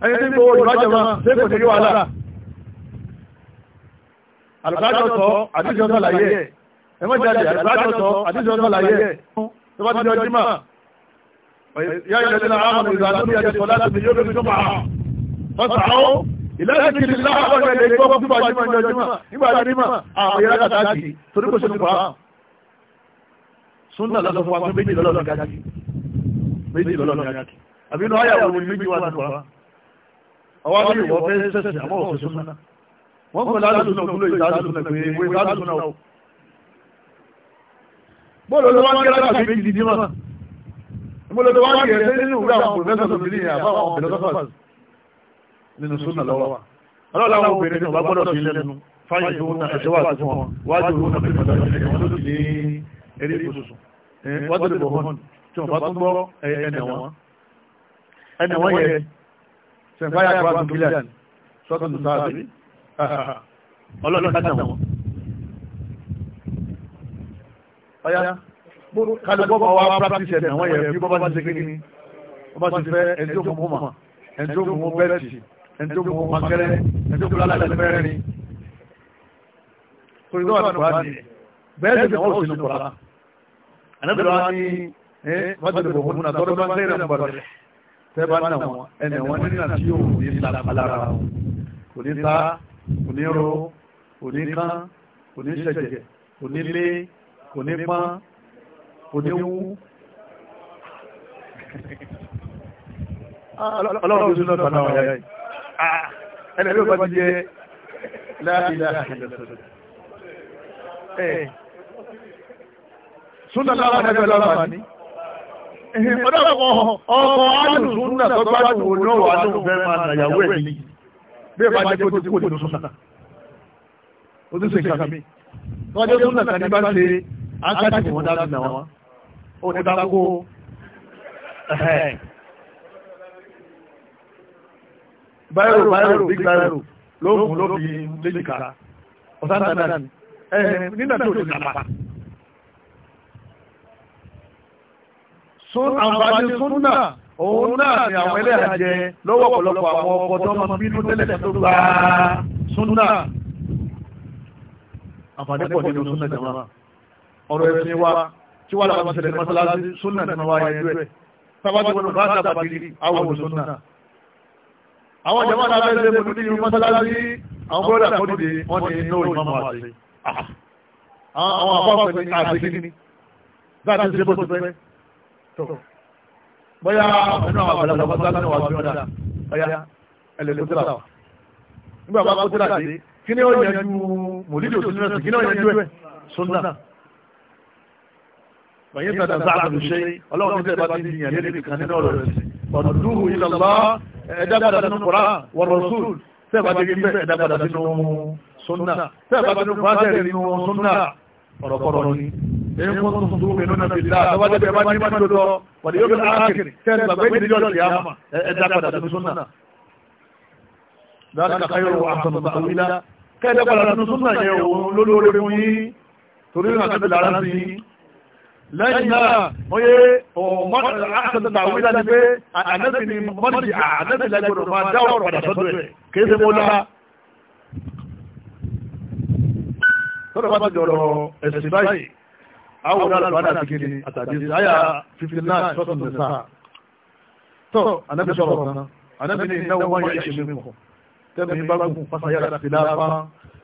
ẹni tí gbowó ìbájọba ṣé kò ní wàhálà àlùkájọ sọ àdìsí ọ̀sán láyé ẹ̀ ẹ má jáde àlùkájọ sọ àdìsí ọ̀sán láyé ẹ̀ tó bá ti di ọdún mà yá ilẹ̀ tí náà àwọn ìlànà tó yẹ sọ láti fi yóò fi tó máa wọ́n sà ó ìlànà kiri láwọn ẹ̀lẹ́ ìgbọ́ fún bàjẹ́ mọ̀ ìjọ jùmọ̀ nígbà tí mà àwọn ìyára kàtà kì torí kò sínú pàá súnà lọ́sọ̀ fún wa méjì lọ́lọ́lọ́ gàdàkì méjì lọ́lọ́lọ́ gàdàkì àbínú ayàwó méjì wà nípa ọwọ́ wọ́n kò láti súnà kúlò ìdájú súnà pé ìwé ìdájú súnà o. bọ́ọ̀lù ló wọ́n kẹ́lá kàbí méjì dídí mọ́. ìmọ̀lẹ̀ tó wọ́n kẹ́lá sí nínú ìwé àwọn pòfẹ́sọ̀ tó nílé àbá àwọn philosophers nínú súnà lọ́wọ́. ọlọ́lá àwọn obìnrin náà bá gbọ́dọ̀ sí lẹ́nu fáyìn tó ń tàṣẹ wà fún wọn wájú òun náà pẹ̀lú ọ̀dọ́ wọn ló ti wọn tó sáà sí ọlọ́run ká tàn wọ́n. ọ̀yá kálukọ́ bá wá practice ẹ̀ àwọn yẹn bí bọ́bá ti ṣe kékeré bọ́bá ti fẹ́ ẹni tó fún mọ́ ẹni tó fún mọ́ bẹ́ẹ̀tì ẹni tó fún mọ́ makẹ́rẹ́ ẹni tó fún lálẹ́ mẹ́rẹ́ ni. torí náà nípa ni bẹ́ẹ̀ ni wọ́n sì ń kọ́ra. ànábìrì wa ni wájú ìbò fún un àtọ́rọ́ oníro oníkan oníṣẹ̀jẹ̀ onílé onípán oníwú ah, ọlọ́run ojú náà tọ́lá ọ̀yá yìí ẹ̀lẹ́lẹ́ ò bá ti jẹ́ láàrídá eh. súnà láwọn ẹgbẹ́ lọ́wọ́ ní ọ̀dọ́ ọkọ̀ ọkọ̀ àdùn súnà tó gbádùn òun náà wà ní òun fẹ́ máa nàyàwó ẹ̀ bí ẹ bá jẹ́ kó ti kó nínú súnà ó ti ṣe nǹkan mi wọ́n jẹ́ súnà kan ní bá ṣe áńkàtì wọn dáadáa nà wọn ó ní dáko báyìrò báyìrò big báyìrò lóògùn ló fi léjìká ọ̀sán dandan nínà tó ti nàpá. Sún àǹfààní súnà òun náà ni àwọn ẹlẹ́yà jẹ lọ́wọ́ ọ̀pọ̀lọpọ̀ àwọn ọkọ̀ tó máa bínú tẹ́lẹ̀ tó gba súnà àǹfààní pọ̀ nínú súnà jàmá ọ̀rọ̀ ẹ̀sìn wa tí wàá làwọn ṣẹlẹ̀ ní mọ́sálásí súnà ní wàá yẹn rẹ̀ sábàtì wọn bá sábà kiri àwọn òṣùnà àwọn jàmá náà bẹ́ẹ̀ ṣe mọ̀tún nínú mọ́sálásí àwọn bọ́dà kò dìde wọ́n ti ní òyìnbó máa ṣe àwọn àbáfẹ́ ní àṣekíní bóyá ẹnu àwọn àgbàlagbà bá sáré wà sí ọ̀dà ọ̀yá ẹlẹ́gbẹ́ tó tẹ̀lá nígbà bá kó tẹ̀lá sí kí ni ó yẹjú mòlídìí òsínú ẹ̀sìn kí ni ó yẹjú ẹ̀ sunna wọ́n yẹn tẹ̀lé sáà tó ṣe ọlọ́run tẹ̀lé bá ti yàn lé nìkan nínú ọ̀rọ̀ ẹ̀sìn ọ̀dùnúhù ìlàlá ẹ̀dá padà nínú kura wọ̀rọ̀sùn tẹ̀ bá ti rí ẹ̀dá padà nínú sunna tẹ̀ bá ti rí bá tẹ̀ nínú sunna ọ̀rọ̀kọ̀rọ̀ ni èyí kò tún tún mi lónà bìlá àtàwọn ẹgbẹ́ bá ní mọ́tò lọ wàlẹ̀ yóò bẹ̀rẹ̀ ákìrì tẹ́lẹ̀ gbàgbé ìdílé ọ̀sẹ̀ yà má ẹ̀dá padà tó súnà. láti káyọ̀ wọ àtọ̀nù lẹ́yìn náà wọ́n yé àtọ̀nù àwílá ni pé ànẹ́bì ni mọ́tì ànẹ́bì lẹ́gbẹ̀rún máa dáwọ̀ padà sọ́dọ̀ ẹ̀ kì í ṣe bá ti jọ̀rọ̀ ẹ̀sìn báyìí àwọn olùbádà ti kiri àtàdé àyà fífi náà sọ́tún lè sáà tó anábì sọ̀rọ̀ kan anábì ní ìnáwó wáyé ìṣe mi kọ̀ tẹ́mi bá gùn fásayára sí lápá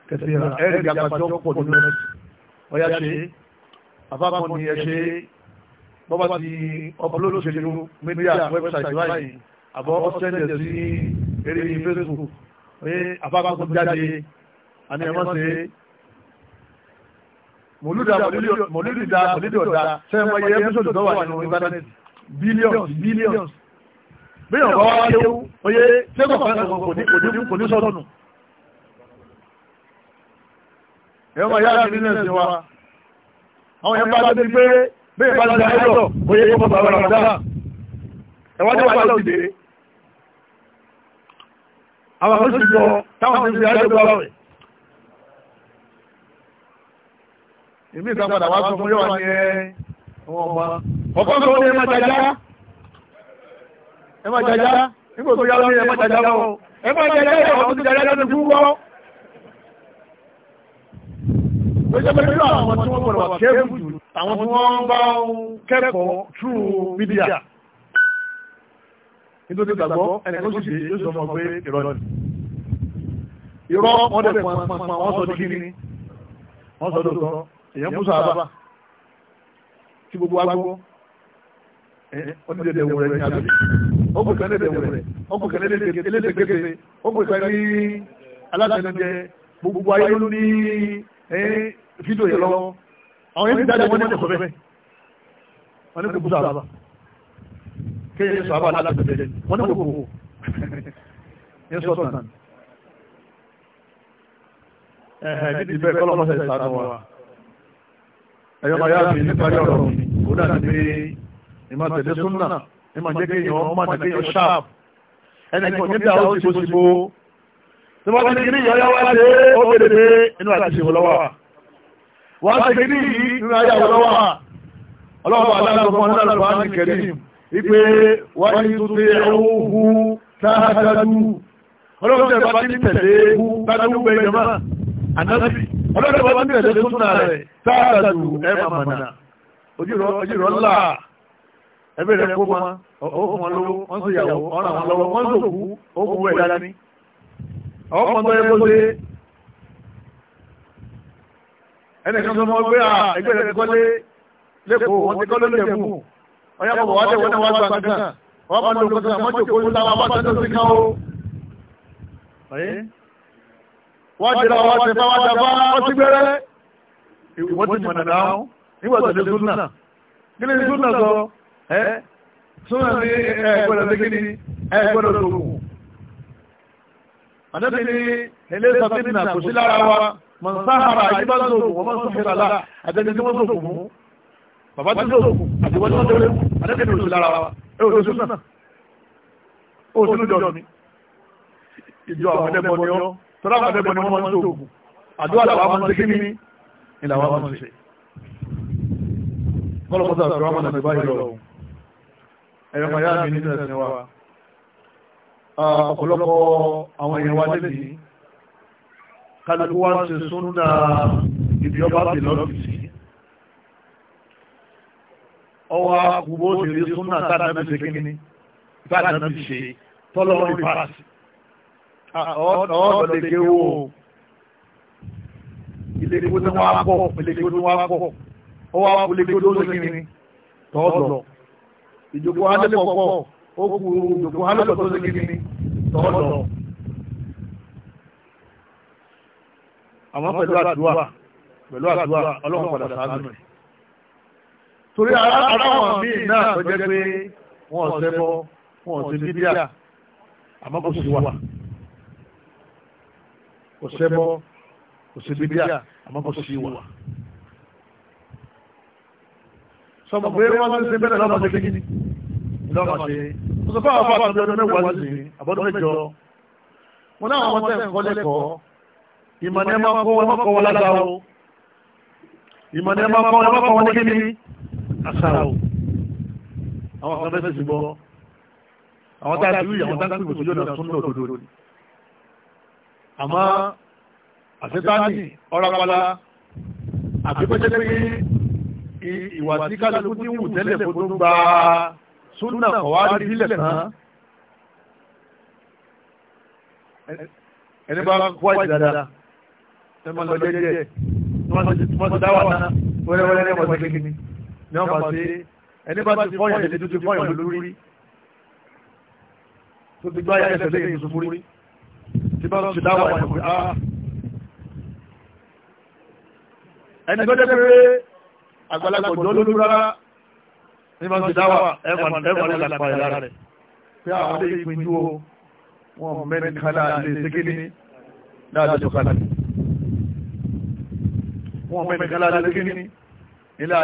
kẹsì rà ẹ̀rì àgbàjọ pọ̀ nínú ẹ̀ ọ̀yá ṣe àfáàkọ́ ni ẹ ṣe bọ́bá ti ọpọlọ́lọ́ ṣe lu mídíà wẹ́bsáìtì báyìí àbọ̀ ọ̀sẹ̀ndẹ̀ sí eré Facebook àfáàkọ́ jáde àní ẹ̀mọ́ ṣe mòlúdà mòlúdà mòlúdà sẹ́wọ̀n yẹ ẹ́písọ̀dù tó wà nínú íńtánẹ́ẹ̀tì bílíọ̀nù bílíọ̀nù bíyàn bá wá kéwú oyé sẹ́kọ̀ kan kò ní sọ́nù. ẹ̀rọ ma yára mi náà wa àwọn yẹn bá lọ bí pé bẹ́ẹ̀ bá lọ sí ayọ̀ oyé kó bàbá rà dára ẹ̀wọ́n tó wà lọ sí dé. àwọn akọ́sí jọ táwọn ti fi ìmí ìsàpadà wá sọ fún yóò wá ní ẹ wọn ọmọ ọkọ sọ ní ẹ má jàjà ẹ má jàjà nígbà tó yára ní ẹ má jàjà lọ ẹ má jàjà ẹ ọkọ tó jàjà lọ fún wọn. lójó pé nínú àwọn tí wọ́n gbọ́dọ̀ wà kẹ́ẹ̀kù jù àwọn tí wọ́n bá ń kẹ́kọ̀ọ́ true media nítorí gbàgbọ́ ẹnìkan sì ṣe yóò sọ fún ọ pé ìrọ̀lẹ́ ìrọ̀ wọn dẹ̀ pọn pọn pọn wọn sọ di kíni wọn sọ lóòótọ́ èèyàn bú sábà tí gbogbo wa gbọ́ ọdúnlẹ̀dẹ̀ wọ̀rẹ̀ ní abẹ́lẹ̀ ọkùnrin kan lẹ́dẹ̀ wọ̀rẹ̀ ọkùnrin kan lẹ́dẹ̀ gẹ́gẹ́ ọkùnrin kan ní alátẹnudẹ gbogbo ayé ló ní fídíò yẹn lọ́wọ́ àwọn yẹn ti dáadáa wọn ní ẹ̀kọ́ bẹ́ẹ̀ wọn ní kò bú sábà kéèyàn ní sábà alátẹnudẹ wọn ní kò kò yẹn sọ tán. ẹ̀hẹ̀ nídìí bẹ́ẹ̀ kọ́lọ́mọ́sẹ̀ ìsàánú wa ẹ̀yọ́ máa yára fi níparí ọ̀rọ̀ mi kó dà ní pé ìmọ̀ tẹ̀lé súnà ìmọ̀ jẹ́ kí èèyàn ọmọ àti kéèyàn ṣáàpù ẹnì kan ní dàrú síbòsíbò tí wọ́n ti kiri ìyọ́ yáwá ṣe ó kéde pé inú àti ṣe wọ́n lọ́wọ́ wọ́n ti kiri yìí inú ayé àwọn lọ́wọ́ ọlọ́wọ́ aláàbọ̀ fún aláàbọ̀ ní kẹrí ipe wọ́n ti tún pé owó táàtàdù ọlọ́wọ́ tẹ̀lé bá ti tẹ̀lé táàtàdù gbẹ̀yẹ̀ máa ọlọ́dọ̀ bá wọ́n tẹ̀lé súnà rẹ̀ sáàtàdù wọn ọkùn wọn lówó wọn sì yàwó ọ̀ràn wọn lọ́wọ́ wọn sòkú ọkùn wọn ẹ̀dá ní. ọkùn tó kó lé ẹnìkan tó mọ pé ẹgbẹ́ rẹ̀ kọ́lé lẹ́kọ̀ọ́ wọn ti wọ́n máa ń lo kankan mọ́jọ́ wọ́n ti ra wọ́n ti fa wọ́n ti fa wọ́n ti gbẹ́rẹ́. ìwọ́n ti mọ̀nà náà nígbà tó ṣe súnà kí ni súnà sọ ẹ́ súnà ní ẹgbẹ́rẹ́ sí kíni ẹgbẹ́rẹ́ sókùn. àdébí ni eléyìí fàtínà kò sí lára wa mọ̀nsáhàrà àyíbá sókùn wọ́n mọ̀ sókùn rà àdébí tí wọ́n sókùn fún bàbá tí sókùn àti wọ́n tí wọ́n tẹ́lẹ̀ àdébí ni kò sí lára wa ẹ̀ òṣèlú súnà òṣèlú jọ mi ìjọ àwọn ẹlẹ́gbọ́n ni ọ́ tọ́lá àwọn ẹgbẹ́ ni wọ́n máa ń tóògùn àdúrà làwọn máa ń ṣe kíní ni làwọn máa ń ṣe. kọ́lọ̀ mọ́tò àti ọmọ náà ti báyìí lọ. ẹ̀yọ́ kan yára mi nínú ẹ̀sìn wa. ọ̀pọ̀lọpọ̀ àwọn èèyàn wa lẹ́yìn kálukú wa ń ṣe súnà ibi ọba bì lọ́fíìsì. ọwọ́ àkùbọ̀ òṣèré súnà tá ọ̀ọ́dọ̀ lè ké wò ó ilé kí ó ní wọ́n á bọ̀ ilé kí ó ní wọ́n á bọ̀ ó wá kú ilé kí ó ní wọ́n kíni tọ́ọ̀lọ̀ ìjókòó alẹ́lẹ̀ pọ̀ ó kú ìjókòó alẹ́lẹ̀ tó ní kíni tọ́ọ̀lọ̀. àmọ́ pẹ̀lú àdúrà pẹ̀lú àdúrà ọlọ́run padà sáájú rẹ̀. torí aráwọn míì náà tó jẹ́ pé wọ́n ọ̀sẹ̀ bọ́ wọ́n ọ̀sẹ̀ bíbíà àmọ́ kò sí wa kò sẹ́bọ́ kò sí bídíà àmọ́ kò sí ìwà. sọmọ pé wọ́n ti ṣe bẹ́ẹ̀ lọ́mọ ṣe kí ni lọ́mọ ṣe mo sọ fún àwọn afọ àti ọdún mẹ́wàá sí àbọ̀dún mẹ́jọ mo náà wọn tẹ̀ ń kọ́ lẹ́kọ̀ọ́ ìmọ̀ ni ẹ máa Awa wọn máa kọ́ wọn lágbá o ìmọ̀ tá a ti àmọ́ àṣetáàní ọ̀rọ̀pàlà àbíkọ́jẹ́ pé ìwà tí kálukú ti ń wù tẹ́lẹ̀ kó tó gba súnà kọ̀wárí sílẹ̀ tán ẹni bá kó àjì dáadáa ẹ máa lọ jẹ́jẹ́ wọ́n ti dáwà náà wẹ́rẹ́wẹ́rẹ́ ní ọmọdé kìíní ní ọmọ àti ẹni bá ti fọyàn lè tuntun fọyàn lórí tó ti gbá yàtọ̀ lẹ́yìn ìsúnmúrí tí bá ń ah. ẹni tó jẹ́ pé àgbàlagbà òjò olólú rárá ní bá ń dáwà ẹ̀wọ̀n ẹ̀wọ̀n ìlàpá ẹ̀ rẹ̀ pé àwọn ilé ìpín jú o wọn mẹ́rin kálá ilé ṣégéní láàdá tó kálá mẹ́rin kálá ilé ṣégéní ilé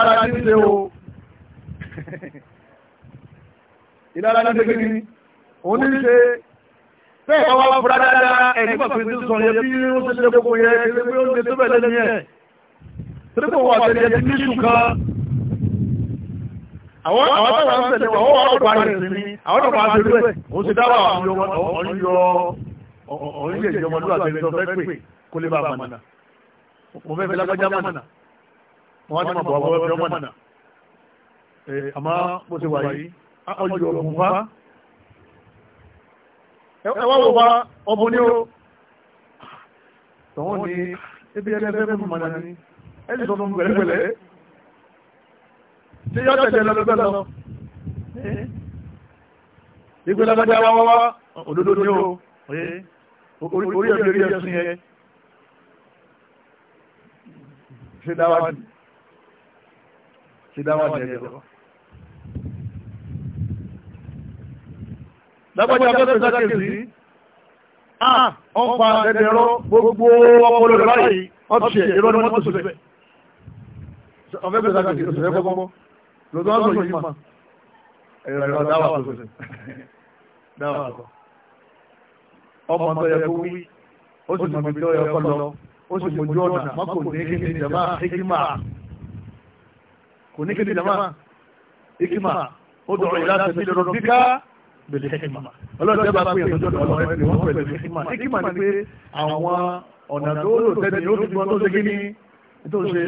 àyọ̀ ìlara ní ṣe kiri òun ní ṣe bẹ́ẹ̀ bá wá fura dáadáa ẹ̀rí pàpà tí ń sọ yẹ bí ó ṣe ṣe gbogbo yẹ ṣe pé ó ṣe tó bẹ̀ lẹ́nu yẹ torí pé wọ́n àtẹ̀lẹ́ ti ní ṣùkan àwọn àwọn táwọn ń tẹ̀lé wọn ó wà ọ̀pá rẹ̀ sí ni àwọn ọ̀pá rẹ̀ sí rẹ̀ ó ṣe dáwà ọ̀yọ́ ọ̀yẹ́ ìjọmọlúwà tẹ̀lé tó fẹ́ pè kó lè bá a mọ̀nà mo fẹ́ fi lágbájá mọ̀nà mo wá ní mọ̀ bọ̀ ọ̀bọ̀ ọ̀bọ̀ mọ̀nà àmọ́ bó ṣe wà yìí ọjọ́ òmùfá ẹwà wò bá ọmọ ní o tọ́wọ́n ní ebi ẹgbẹ́ fẹ́ mú mọ̀nà ní ẹni sọ fún pẹ̀lẹ́pẹ̀lẹ́ tí yọ tẹ̀lé lọ́gbẹ́ lọ ìgbé lágbájá wá wá òdodo ní o orí ẹ̀mí rí ẹ̀sùn yẹn ṣe dáwà ní ṣe dáwà ní ẹ̀jẹ̀ lọ. lágbájá fẹ́fẹ́ sákèsí ọ̀pá ẹ̀dẹ̀rọ gbogbo ọpọlọ rẹ̀ báyìí ọ̀tíṣẹ̀ ìrọ́ ni wọ́n tó sílẹ̀ ọ̀fẹ́fẹ́ sákèsí òṣèré fọ́fọ́ lọ́dọ́ ọ̀sọ̀ yìí mà ẹ̀rọ dáwà tó sẹ̀ dáwà tó ọmọ tó yẹ kó wí ó sì mọ̀ mi tó yẹ kó lọ ó sì mojú ọ̀nà má kò ní kí ni jama hikima kò ní kí ni jama hikima ó dọ̀rọ̀ ìlànà ìfẹ́ bẹ̀rẹ̀ hekima ọlọ́run tẹ́ bá pé ìtọ́jú ọ̀dọ̀ ọ̀rẹ́ ni wọ́n pẹ̀lú hekima hekima ni pé àwọn ọ̀nà tó lò tẹ́ni ó fi gbọ́n tó ṣe kí ni tó ṣe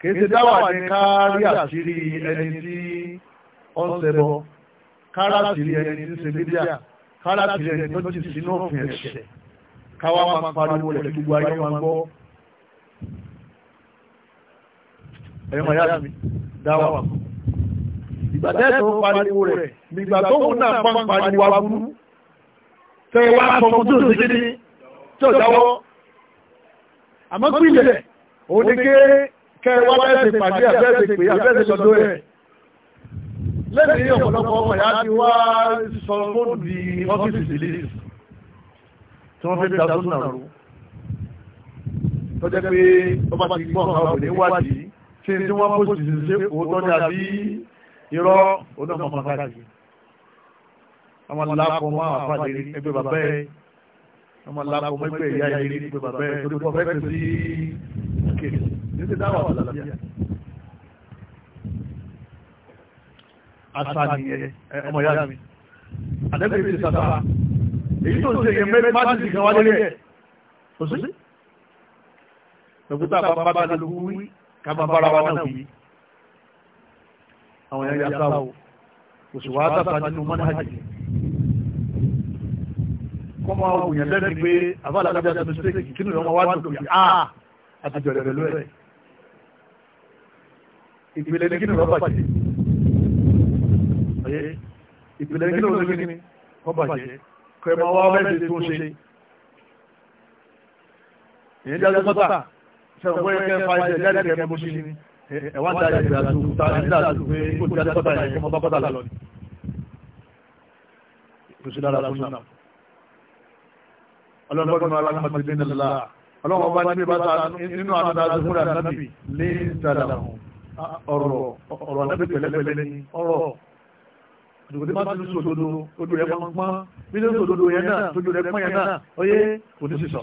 kì í ṣe dáwà ní kárí àṣírí ẹni tí ó ń ṣẹbọ kárí àṣírí ẹni tí ń ṣe mídíà kárí àṣírí ẹni tó ti sínú òfin ẹ̀ṣẹ̀ káwá máa pariwo rẹ̀ gbogbo ayé máa gbọ́ ẹ̀yọ́ máa mi dáwà kù ìgbà tẹ́ tó ń pariwo rẹ̀ nígbà tó ń náà pa ń pariwo aburú tẹ́ wá sọ fún tó ṣe kéde tí ò jáwọ́ àmọ́ pínlẹ̀ òun ni ké kẹ́ wá lẹ́sẹ̀ pàdé àfẹ́sẹ̀ pé àfẹ́sẹ̀ lọ́dọ̀ rẹ̀ lẹ́sìn ọ̀pọ̀lọpọ̀ ọmọ ìyá ti wá sọ fóònù di ọ́fíìsì sílẹ̀ tí wọ́n fẹ́ da sún náà rú tọ́jẹ́ pé ọba ti gbọ́n àwọn òní wádìí ṣe tí wọ́n mọ̀ sí ṣe òótọ́ ní àbí irọ́ onímọ̀ káàkiri ọmọ lápọ̀ mọ́ àfáàdé ẹgbẹ́ bàbá ẹ̀ ọmọ lápọ̀ mọ́ ẹgbẹ́ ìyá ẹ̀ ẹgbẹ́ bàbá ẹ̀ torí pọ̀ fẹ́ẹ́ sí kiri ní ti dáwà wà lálàbíà àṣà ni ọmọ ìyá mi àdẹ́gbẹ́ mi ti sàtà èyí tó ń ṣe yẹn májèsì kan wáyé lẹ́yẹ kò sí ẹ̀kúta bàbá bá ti lu wí ká bá bára wa náà wí àwọn èèyàn yà sáwò kò sì wá tàkà nínú mọ́nájì kọ́ máa wù yẹn lẹ́nu pé àbálà kájà tó mistake kí nìyẹn wọ́n wá dùn pé ah, a àtijọ́ rẹ̀ pẹ̀lú ẹ̀ ìpìlẹ̀ ní kí nìyẹn wọ́n bàjẹ́ ìpìlẹ̀ ní kí nìyẹn wọ́n bàjẹ́ kọ́ ẹ máa wá mẹ́sẹ̀ tó ṣe ìyẹn jáde sọ́tà sẹ́wọ̀n bóyá kẹ́ fà ìjẹ́ jáde kẹ́ mú sí ni ẹ̀wọ́n dáadáa ìgbà tó ta ẹ̀dá tó pé kó ti dáadáa pátá yẹn kó mọ bá pátá lọ ni. kò sí dára fún náà. ọlọ́run bọ́dún náà aláǹkà ti dín nílá ọlọ́run bá níbi bàtà nínú àwọn dáadáa tó múra nábì lé dáadáa ọ̀rọ̀ ọ̀rọ̀ nábì pẹ̀lẹ́pẹ̀lẹ́ ni ọ̀rọ̀ òdòdó bá tún sòdodo ojú rẹ̀ pọ́n pọ́n bí ló ń sòdodo yẹn náà tójú rẹ̀ pọ́n yẹn náà ó yé kò ní sísọ.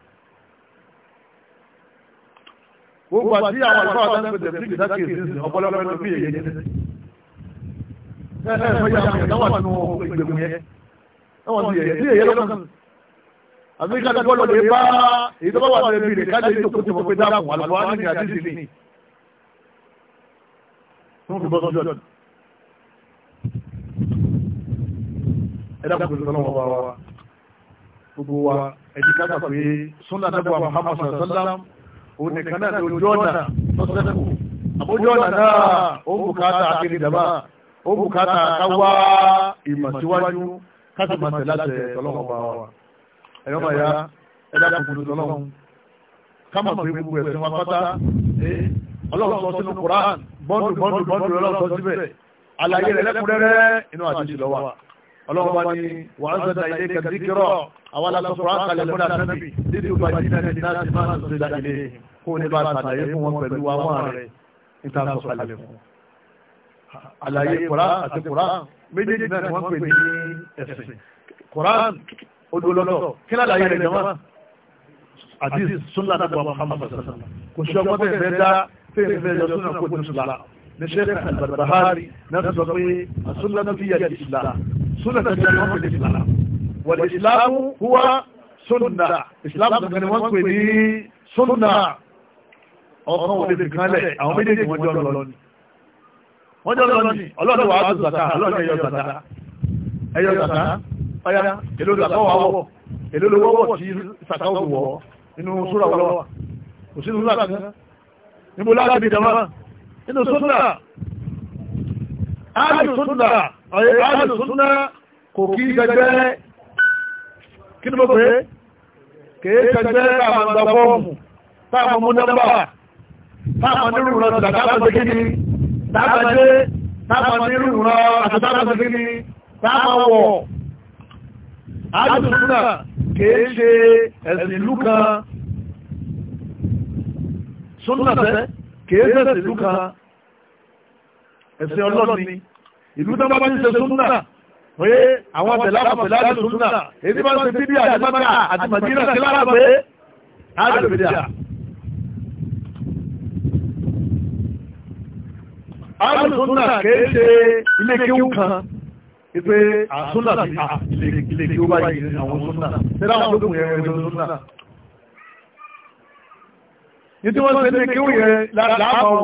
gbogbo àti àwọn àlùfáà tó ń pè tẹ̀sí kìtà kìtì ọ̀pọ̀lọpọ̀ ẹni bí èyí ni. ẹ ẹ fẹ́ yà wọ́n yàtọ̀ wà nínú ìgbèkùn yẹn. ẹ wọ́n ti yẹ̀ sí èyí lọ́kàn. àbí kájọ bọ́ọ̀lù lè bá èyí tó bá wà lórí ibi rẹ̀ kájọ yìí tó kó ti mọ̀ pé dáàbò àlùfáà ní àdìsí ni. tó ń fi bọ́ sọ́jọ́ ẹ dákun tó lọ́wọ́ wa wa gbogbo wa ẹ̀dí ká òun nìkan náà ní ojú ọ̀nà tó sẹ́kù ojú ọ̀nà náà ó bùkátà akéde dàbà ó bùkátà káwá ìmọ̀ síwájú káti máa tẹ̀ láti ọlọ́run bá wa ẹ̀yọ́ máa ya ẹ̀dá kùkùrù tọ́lọ́run kámọ̀ pé gbogbo ẹ̀sìn wa pátá ọlọ́run sọ sínú Quran bọ́ọ̀dù bọ́ọ̀dù bọ́ọ̀dù ọlọ́run sọ síbẹ̀ àlàyé rẹ̀ lẹ́kùnrẹ́rẹ́ inú àdìsí lọ́wọ́ ọlọ́run bá ní wàá àwọn aláṣọ́kọ̀ọ́ àkàlẹ̀ fún àtẹ́bì nínú ìbàjínà ní láti máa ń sọ́dá ilé kó ní bá ṣàlàyé fún wọn pẹ̀lú àwọn rẹ̀ níta sọ̀kalẹ̀ fún. àlàyé kọ̀rá àti kọ̀rá méjèèjì náà ni wọ́n pè ní ẹ̀sìn kọ̀rá odolọ́lọ́ kí lálàyé rẹ̀ jọmọ́ àti sunna nàbà Muhammad sallam kò sí ọmọ bẹ́ẹ̀ bẹ́ẹ̀ dá fẹ́ẹ̀ fẹ́ẹ̀ yọ sunna wọ̀lẹ̀ ìsìláàmù huwa sunna ìsìláàmù kankan ni wọ́n pè ní sunna ọkàn wọlé fi kan lẹ̀ àwọn méjèèjì wọ́n jọ lọ ni wọ́n jọ lọ ni ọlọ́run wàá tó zàtà ọlọ́run ẹ̀yọ zàtà ẹ̀yọ zàtà ọ̀yà èlò zàtà wà wọ̀ èlò lówó tí zàtà wọ̀ nínú súrà wọ̀ lọ́wọ́ kò sí súrà kan níbo láti bí dama nínú súrà áàlù súrà ọ̀yẹ́ áàlù súrà kò kí gẹ́gẹ́ kí ni mo pè é kèé kẹjẹ táwọn gba fọ́ọ̀mù táwọn mú nọ́mbà táwọn nírú rọ sàkáàbà ṣe kí ni táwọn dé táwọn nírú rọ àtàtàbà ṣe kí ni táwọn wọ̀ àdùnnà kèé ṣe ẹ̀sìn ìlú kan súnà fẹ́ kèé ṣẹ̀sìn ìlú kan ẹ̀sìn ọlọ́ni ìlú tó bá bá ń ṣe súnà pé àwọn tẹ̀láwọ̀ pẹ̀láwọ̀ súnà èyí bá ń ṣe bíbí àdìmọ́ta àti màdínà sí lára pé alùbídíà alùsúnà kìí ṣe ilé kíwú kan ipe àsúnà sí ilé kíwú báyìí àwọn súnà tẹ́lá àwọn olókùn yẹn rẹ̀ súnà ní tí wọ́n ṣe ilé kíwú yẹn láàbà wò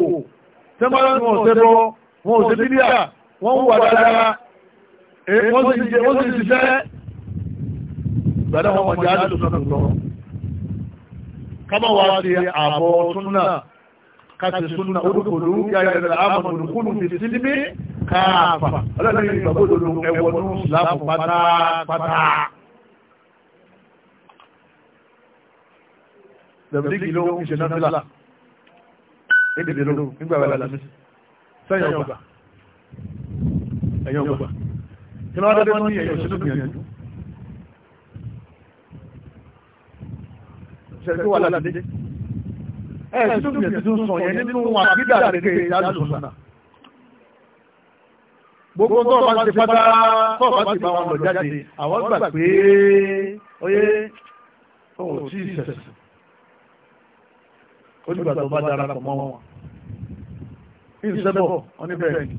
tẹ́mọ́lá wọn ò ṣe wọn ò ṣe wọ́n wà dáadáa wọ́n sì jẹ́ wọ́n sì ṣiṣẹ́ gbẹ̀dẹ̀ wọn mọ̀já lùsọ̀tún lọ kama wá sí àbọ̀ súnà káti súnà orúkòlù yáyẹ̀rẹ̀ àmọ̀nù kúlù fi sílímí káàfà ọlọ́lẹ́yìn ìgbàgbọ́dọ̀ ẹwọ̀nù láàpù pátápátá lẹ́bìdíkì ló ń ṣe náfílà ẹgbẹ̀dẹ̀ lóru nígbà wà lálàmí sẹ́yìn ọgbà ẹ̀yìn ọgbà kí ló wá dé wọ́n ní ẹ̀yọ̀ sínú gbìyànjú. ṣẹ̀rí tó wà ládàdé. ẹ̀ sínú gbìyànjú tó gbogbo tó bá ti pátá tó ti bá wọn lọ jáde àwọn gbà pé oyè òun tí ì ó dìgbà tó bá dára pọ̀ mọ́ wọn ìsẹ́bọ̀ oníbẹ̀ẹ́ni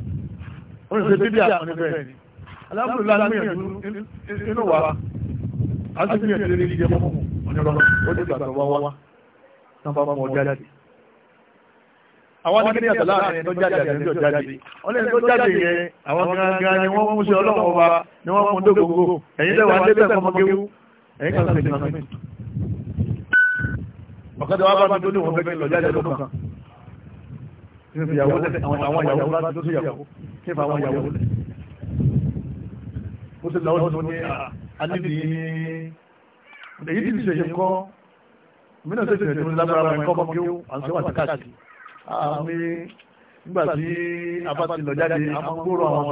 oníṣẹ́ bíbíà oníbẹ̀ẹ́ni alábùrúlá gbìyànjú inú wa a sì gbìyànjú lórí ìdíje mọ́mọ́ onírọ́mọ́ ó dé gbàgbọ́ wá bá bá tó ní wọn fẹ́ lọ jáde kan ìyàwó lẹ́sẹ̀ àwọn ìyàwó bá tó ìyàwó kí àwọn ìyàwó lẹ́sẹ̀ mo ṣe lọ́wọ́ tó ní anídì èyí tí ìṣẹ̀yẹ kọ́ mí náà ṣèṣẹ̀ tó ní lágbára ẹ̀kọ́ ọmọ kí à ń ṣe wà káàkiri àmì nígbà tí a bá ti lọ jáde a máa ń gbòòrò àwọn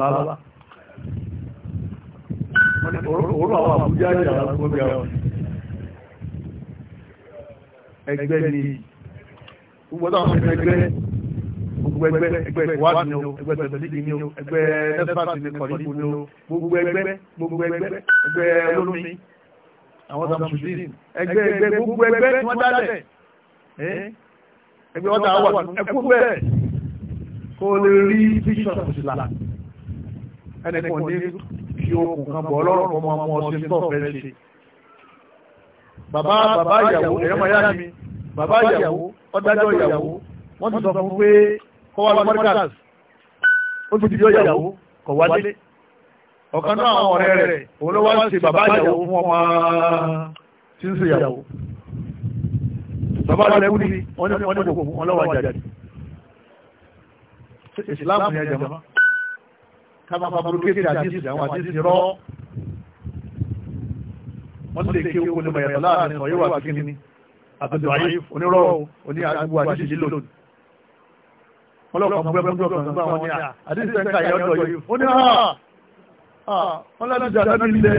bàbá òórùn àwọn àbújá yà àwọn ẹgbẹ́ ni gbogbo táwọn ẹgbẹ́ gbogbo ẹgbẹ́ ẹgbẹ́ ìwádìí ni o ẹgbẹ́ tẹ̀lẹ́dì ni o ẹgbẹ́ nẹ́fàsì ni kọ̀ọ̀lìkù ni o gbogbo ẹgbẹ́ gbogbo ẹgbẹ́ ẹgbẹ́ olómi àwọn samsudin ẹgbẹ́ ẹgbẹ́ gbogbo ẹgbẹ́ tí wọ́n dálẹ̀ ẹgbẹ́ ọ̀tá wà ẹkú bẹ́ẹ̀ kó lè rí bíṣọ̀pù sílá ẹnìkan ní kí okùn kan bọ̀ ọlọ́run ọmọ ọmọ ọsẹ tó fẹ́ ṣe bàbá bàbá ìyàwó ẹ̀rọ bàbá ìyàwó ọdájọ́ ìyàwó wọ́n ti sọ fún pé kọ́ wá lọ mọ́ríkàs ó ti di ọjà ìyàwó kọ̀ wálé ọ̀kan náà àwọn ọ̀rẹ́ rẹ̀ òun ló wá ń ṣe bàbá ìyàwó fún ọmọ tí ń ṣe ìyàwó bàbá rẹ̀ kú ni ní wọ́n ní kò wọ́n lọ́wọ́ ìsìláàmù ni ẹjẹ̀ mọ́ ká máa fabricate àdísì àwọn àdísì rọ́ wọ́n lè kí ọlọ́pàá mú ẹgbẹ́ mú ọkàn nígbà wọn ní àdíṣẹ́ ń kàyẹ́ ọ̀dọ̀ yìí ó ní wọn láti jà lẹ́nu ilẹ̀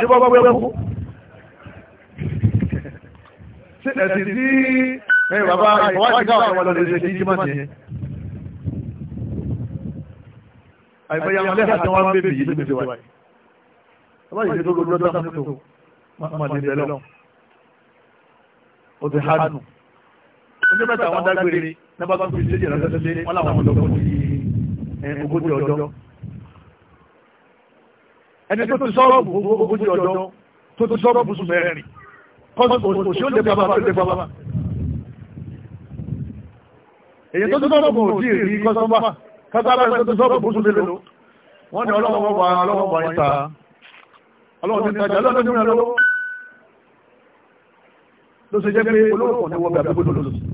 ní bọ́ bọ́ bọ́ ṣe ẹ̀sìn tí ẹ bàbá ìwádìí káwọn ọmọ lọ́dẹ ṣe kí jímọ̀ nìyẹn àìmọye àwọn ẹlẹ́hà tí wọ́n ń bèbè yìí níbi ìwà yìí ọba yìí tó ọjọ́ àmì ó ti hánù ọjọ́ mẹ́ta wọn dágbére ní bá tó fi léde ránṣẹ́ wọn làwọn ọlọ́pọ̀ ti ogójì ọjọ́ ẹni tó ti sọ́ọ̀bù ogójì ọjọ́ tó ti sọ́ọ̀bù sùn mẹ́rin kọ́sọ̀tò òṣèlú lè bàbá lè bàbá èyí tó ti sọ́ọ̀bù òdì rí kọ́sọ́mbà bá ọlọ́wọ́ bá yín ti tajà ọlọ́wọ́ ti mú lọ́wọ́ ló jẹ́ pé olóòkùn ni wọ́n bẹ̀ àbẹ́gbẹ́ lọ́sọ̀tò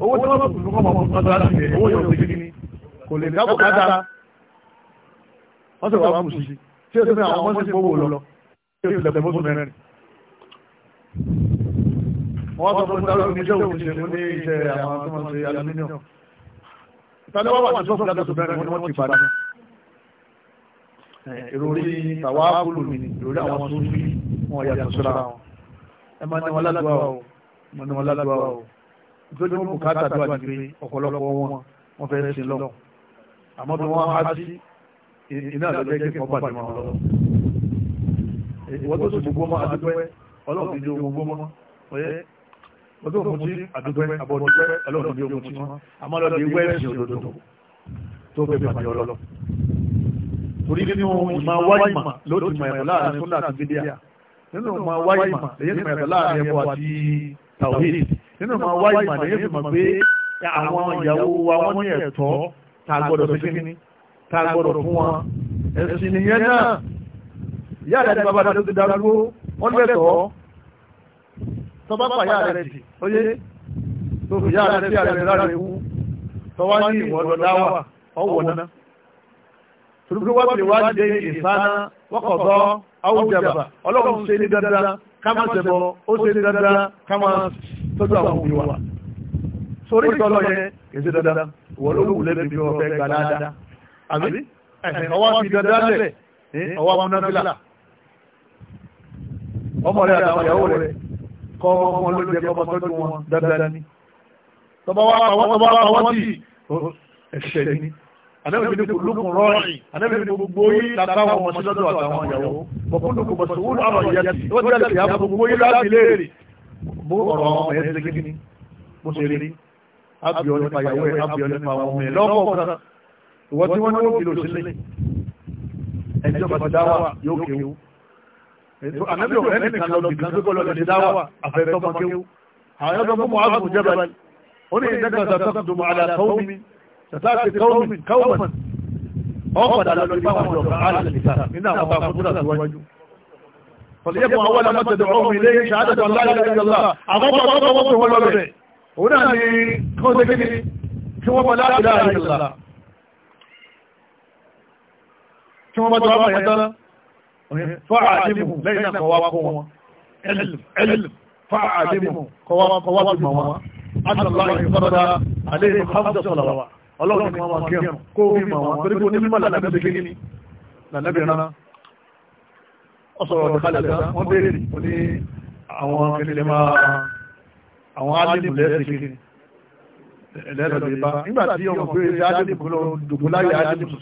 owó tí wọ́n fún kọ́mọ̀ fún ọdún láti rẹ̀ owó yóò fi ní kò lè dábò káta wọ́n sì wà wá mùsùlùmí tí ó sì fẹ́ àwọn ọmọ sí gbogbo lọ tí ó sì lẹ̀ bọ́sùn mẹ́rin wọ́n sọ fún dáwọ́ oníṣẹ́ òṣèlú ní iṣẹ́ àwọn tó máa ṣe aluminium tani wọ́n wà tí wọ́n fún dáwọ́ mẹ́rin wọ́n ti padà ìròrí tàwa kúlù mi ìròrí àwọn tó fi wọn yàtọ̀ síra wọn ẹ máa ní wọn ládùúgbà o máa ní wọn ládùúgbà o nítorí wọn bùkátà tó àti pé ọ̀pọ̀lọpọ̀ wọn wọn fẹ́ sin lọ àmọ́ bí wọ́n á sí iná lọ jẹ́ kí wọ́n bàjẹ́ wọn lọ. ìwọ́n tó sì gbogbo mọ́ àdúgbẹ́ ọlọ́run ti di ogun gbogbo mọ́ ọ̀yẹ́ wọ́n tó fún tí àdúgbẹ́ àbọ̀dúgbẹ́ ọlọ́run ti di ogun tí wọ́n àmọ́ lọ́dọ̀ ìwé ẹ̀sìn òdòdó tó fẹ́ bàjẹ́ ọlọ́run. torí nínú ìmọ̀ wáyìmọ̀ ló ti mọ̀ ẹ̀rọ láàrin tó láti gbé nínú ìmọ̀ wáyìmọ̀ èyí nínú ma wá ìmọ̀ lẹ́yìn fi mọ̀ pé àwọn ìyàwó wa wọ́n ní ẹ̀tọ́ tá a gbọ́dọ̀ fi kíní tá a gbọ́dọ̀ fún wọn ẹ̀sìn nìyẹn náà ìyá rẹ̀ ti bàbá rẹ̀ ti darúgbó wọ́n lẹ́tọ̀ọ́ tọ́ba pa ìyá rẹ̀ ti oyé tó fi ìyá rẹ̀ sí àrẹ̀ rẹ̀ lára ewu tọ́wá ní ìwọ̀n lọ dáwà ọwọ́ náà torí wọ́n ti wá dé ìsáná wọ́kọ̀tọ́ àwùjọba ọlọ́run ṣe ní dandan ká má ṣẹbọ ó ṣe ní dandan ká má tọ́jú àwọn òbí wa sórí ìtọ́lọ́ yẹn kì í ṣe dandan wọ́n ló wù lẹ́bi bí wọ́n fẹ́ gbà dáadáa àbí ọwọ́ fi dandan lẹ̀ ọwọ́ amúnáfílà ọmọ rẹ àtàwọn ìyàwó rẹ kọ́ wọn ló jẹ kọ́ tọ́jú wọn dandan ni tọ́ba wa àwọn tí ẹ̀ṣẹ̀ ni anabi ni kulukun rọrin anabi ni gbogbo yi tata wọn mọ sí lọ́dọ̀ àtàwọn ìyàwó bọ̀kúndùkú bọ̀sùwúrù àwọn ìyàtì ó jẹ́ àti àbọ̀ gbogbo yi láti léèrè bó ọ̀rọ̀ ọmọ ẹ̀ ṣe kíni bó ṣe rí ábíọ́ nípa ìyàwó ẹ̀ ábíọ́ nípa ọmọ ẹ̀ lọ́kọ̀ọ̀kan ìwọ tí wọ́n ní ó kìlò sílẹ̀ ẹjọ́ bàtà dáwà yóò kéwú ànábì ọ̀rọ̀ ẹni kan lọ nìkan tó kọ́lọ́ ti dáwà àfẹ́fẹ́ ọmọ kéwú àwọn ọmọ mọ́ àgùn jẹ́bẹ̀ ó ní ìdẹ́gbẹ̀ sàtọ́kùnmọ̀ àdàkọ́wọ́mí sàtàkì kọ́wọ́mí kọ́wọ́mọ̀ ọ فليكن أول ما تدعوهم إليه شهادة أن لا إله إلا الله أقوى أقوى أقوى ولا بد هنا كون ذكري كون لا إله إلا الله كون ما دعوهم يا فعلمهم لين قواكم علم علم فعلمهم قواكم أن الله فرض عليهم خمس صلوات الله يكرمك كون ما كرمك نبي ما لا نبي كني لا نبي أنا ọ̀sọ̀rọ̀ ọ̀dọ̀kálẹ̀ wọ́n bèèrè ní àwọn kìnnìlẹ̀ máa àwọn alìmù lẹ́sìnkì lẹ́rọ̀lẹ̀ bá nígbàtí ọmọ pé ilé alìmù lọ dùgbò láyé alìmù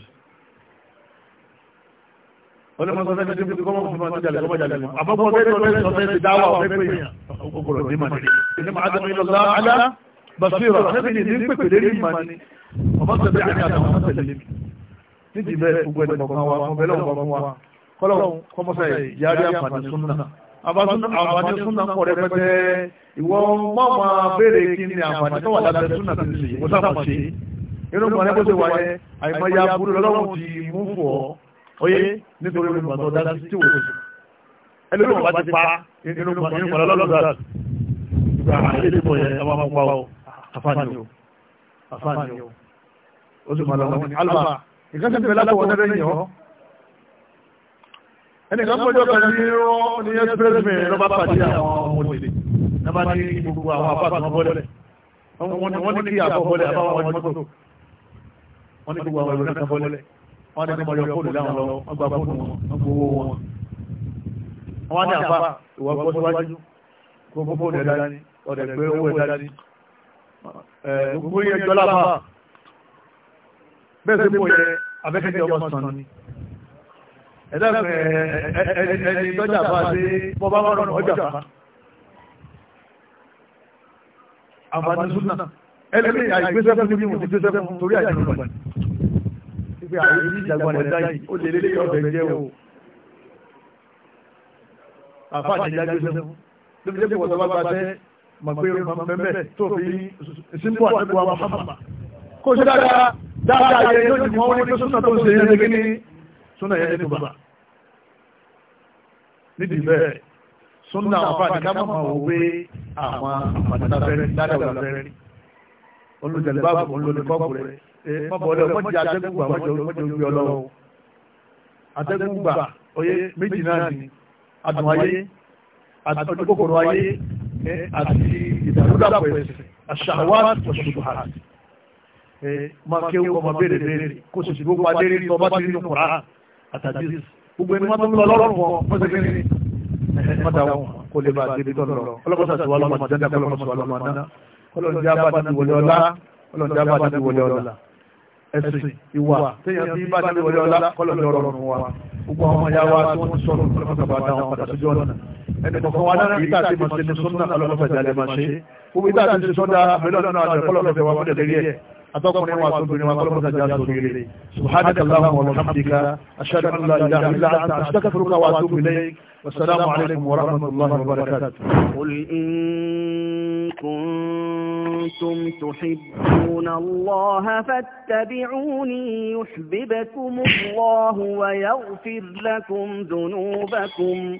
Basira, ẹgbẹ́ ni ní pèpè lérí ìmọ̀ ni, ọmọ tẹ̀lé àti àtàwọn tẹ̀lé mi. Níjì bẹ́ẹ̀ gbogbo ẹni kọ̀ọ̀kan wa, ọmọ bẹ́ẹ̀ lọ́wọ́ kọ̀ọ̀kan wa, kọ́lọ́hún kọ́mọ́sẹ̀ yàrá àǹfààní súnà àǹfààní súnà pọ̀ rẹpẹtẹ ìwọ máa ma béèrè kí ni àǹfààní tó wà lábẹ́ súnà ti sì mo sábà ṣe inú kan ẹgbẹ́ tó wà yẹn àìmọye aburú lọ́lọ́run ti mú fọ̀ oyé nítorí mi gbàgbọ́ dá sí tí wò ó ẹlẹ́nu bá ti pa inú kan lọ́lọ́dà ìgbà àìlèbọ̀ o àfààní o ó sì máa lọ́wọ́ ní alba ìkànsẹ́ ti fẹ́ látọ̀ wọ́n ẹnìkan pẹ̀lú ọ̀kan ní wọ́n ní express pàdé àwọn ọmọ òṣèlè lọ́ba ní gbogbo àwọn apáàtì ní kí àbọ̀ bọ́lẹ̀ àbáwọn ọmọ mọ́tò wọ́n ní gbogbo àwọn ìròyìn ní mọ̀lẹ́ fóònù láwọn lọ wọ́n gba fóònù wọn wọ́n gbowó wọn. ní àbá ìwà gbọ́ síwájú gbogbo fóònù ẹ̀dá ni ọ̀dẹ̀ owó ẹ̀dá ni gbogbo iye jọlá bá bẹ́ẹ̀ ẹ̀dẹ́gbẹ̀ẹ́ ẹni tọ́jà bá dé bọ́ bá rọrùn ọjà fa àǹfààní súnà ẹlẹ́mí àìgbésẹ́ fún níbi ìwọ̀n ti gbésẹ́ fún torí àìjọba ni ibi àìrí ìjàgbọ́n rẹ̀ dá yìí ó lè lé ọ̀bẹ jẹ́ o àfáà ní ìjà gbésẹ́ fún lóbi jẹ́ pé wọ́n tọ́ bá bá tẹ́ mọ̀ pé mẹ́mẹ́ tó fi símbò àdúgbò àwọn mọ́mọ́ kó ṣe dáadáa dáadáa yẹn yóò ti mọ́ wọn ní pé súnà tó ń ṣe yẹn ní kíní súnà yẹn ní tó bàbá nídìí bẹ́ẹ̀ súnà àwọn afáàdì ká máa wò pé àwọn àpàtàfẹ́rẹ́ dáadáa fẹ́rẹ́ olùjẹ̀lẹ̀ bá bùn lónìí kọ́ọ̀pù rẹ̀ mọ́bọ̀ ọlọ́ mọ́jì atẹ́gùngbà mọ́jì orí ọlọ́wọ́ atẹ́gùngbà oyé méjì náà ni adùn ayé àtọ́júkòkòrò ayé àti ìdàrúdàpọ̀ ẹ̀sìn àṣàwá ọ̀ṣùgbà máa kéwọ́ ọmọ béèrè béèrè kó sì sì gbogbo adé rí tọ́ bá ti rí nù kùrá àtàdís gbogbo ẹni wọ́n tó ń lọ lọ́rùn wọn wọ́n ṣe kéré mọ́ta wọn kò lè bá a débi tọ́lọ̀ ọlọ́pàá ṣàṣìwá lọ́mọ àdáńdá kọlọ́mọ ṣàṣìwá lọ́mọ àdáńdá ọlọ́run jẹ́ abá ti wọlé ọlá ọlọ́run jẹ́ abá ti wọlé ọlá ẹ̀sìn ìwà téèyàn bí bá ti wọlé ọlá kọlọ́run ọrọ̀rùn wa gbogbo àwọn ọmọ yàrá tí wọ́n sọ̀rọ̀ ọlọ́pàá bá dáhùn padà sójú ọ̀nà ẹni kọ̀ọ̀kan wa náà yìí tàbí mọ̀ sí ní sọ́nà ọlọ́pàá jalè máa ṣe gbogbo ìtàkùn ti أتوقع ما أكون بني وأقول لك جاء سبحانك اللهم وبحمدك أشهد أن لا إله إلا أنت أستغفرك وأتوب إليك والسلام عليكم ورحمة الله وبركاته قل إن كنتم تحبون الله فاتبعوني يحببكم الله ويغفر لكم ذنوبكم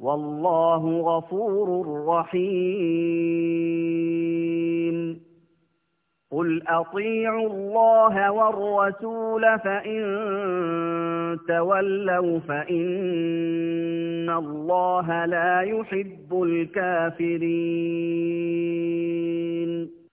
والله غفور رحيم قل أطيعوا الله والرسول فإن تولوا فإن الله لا يحب الكافرين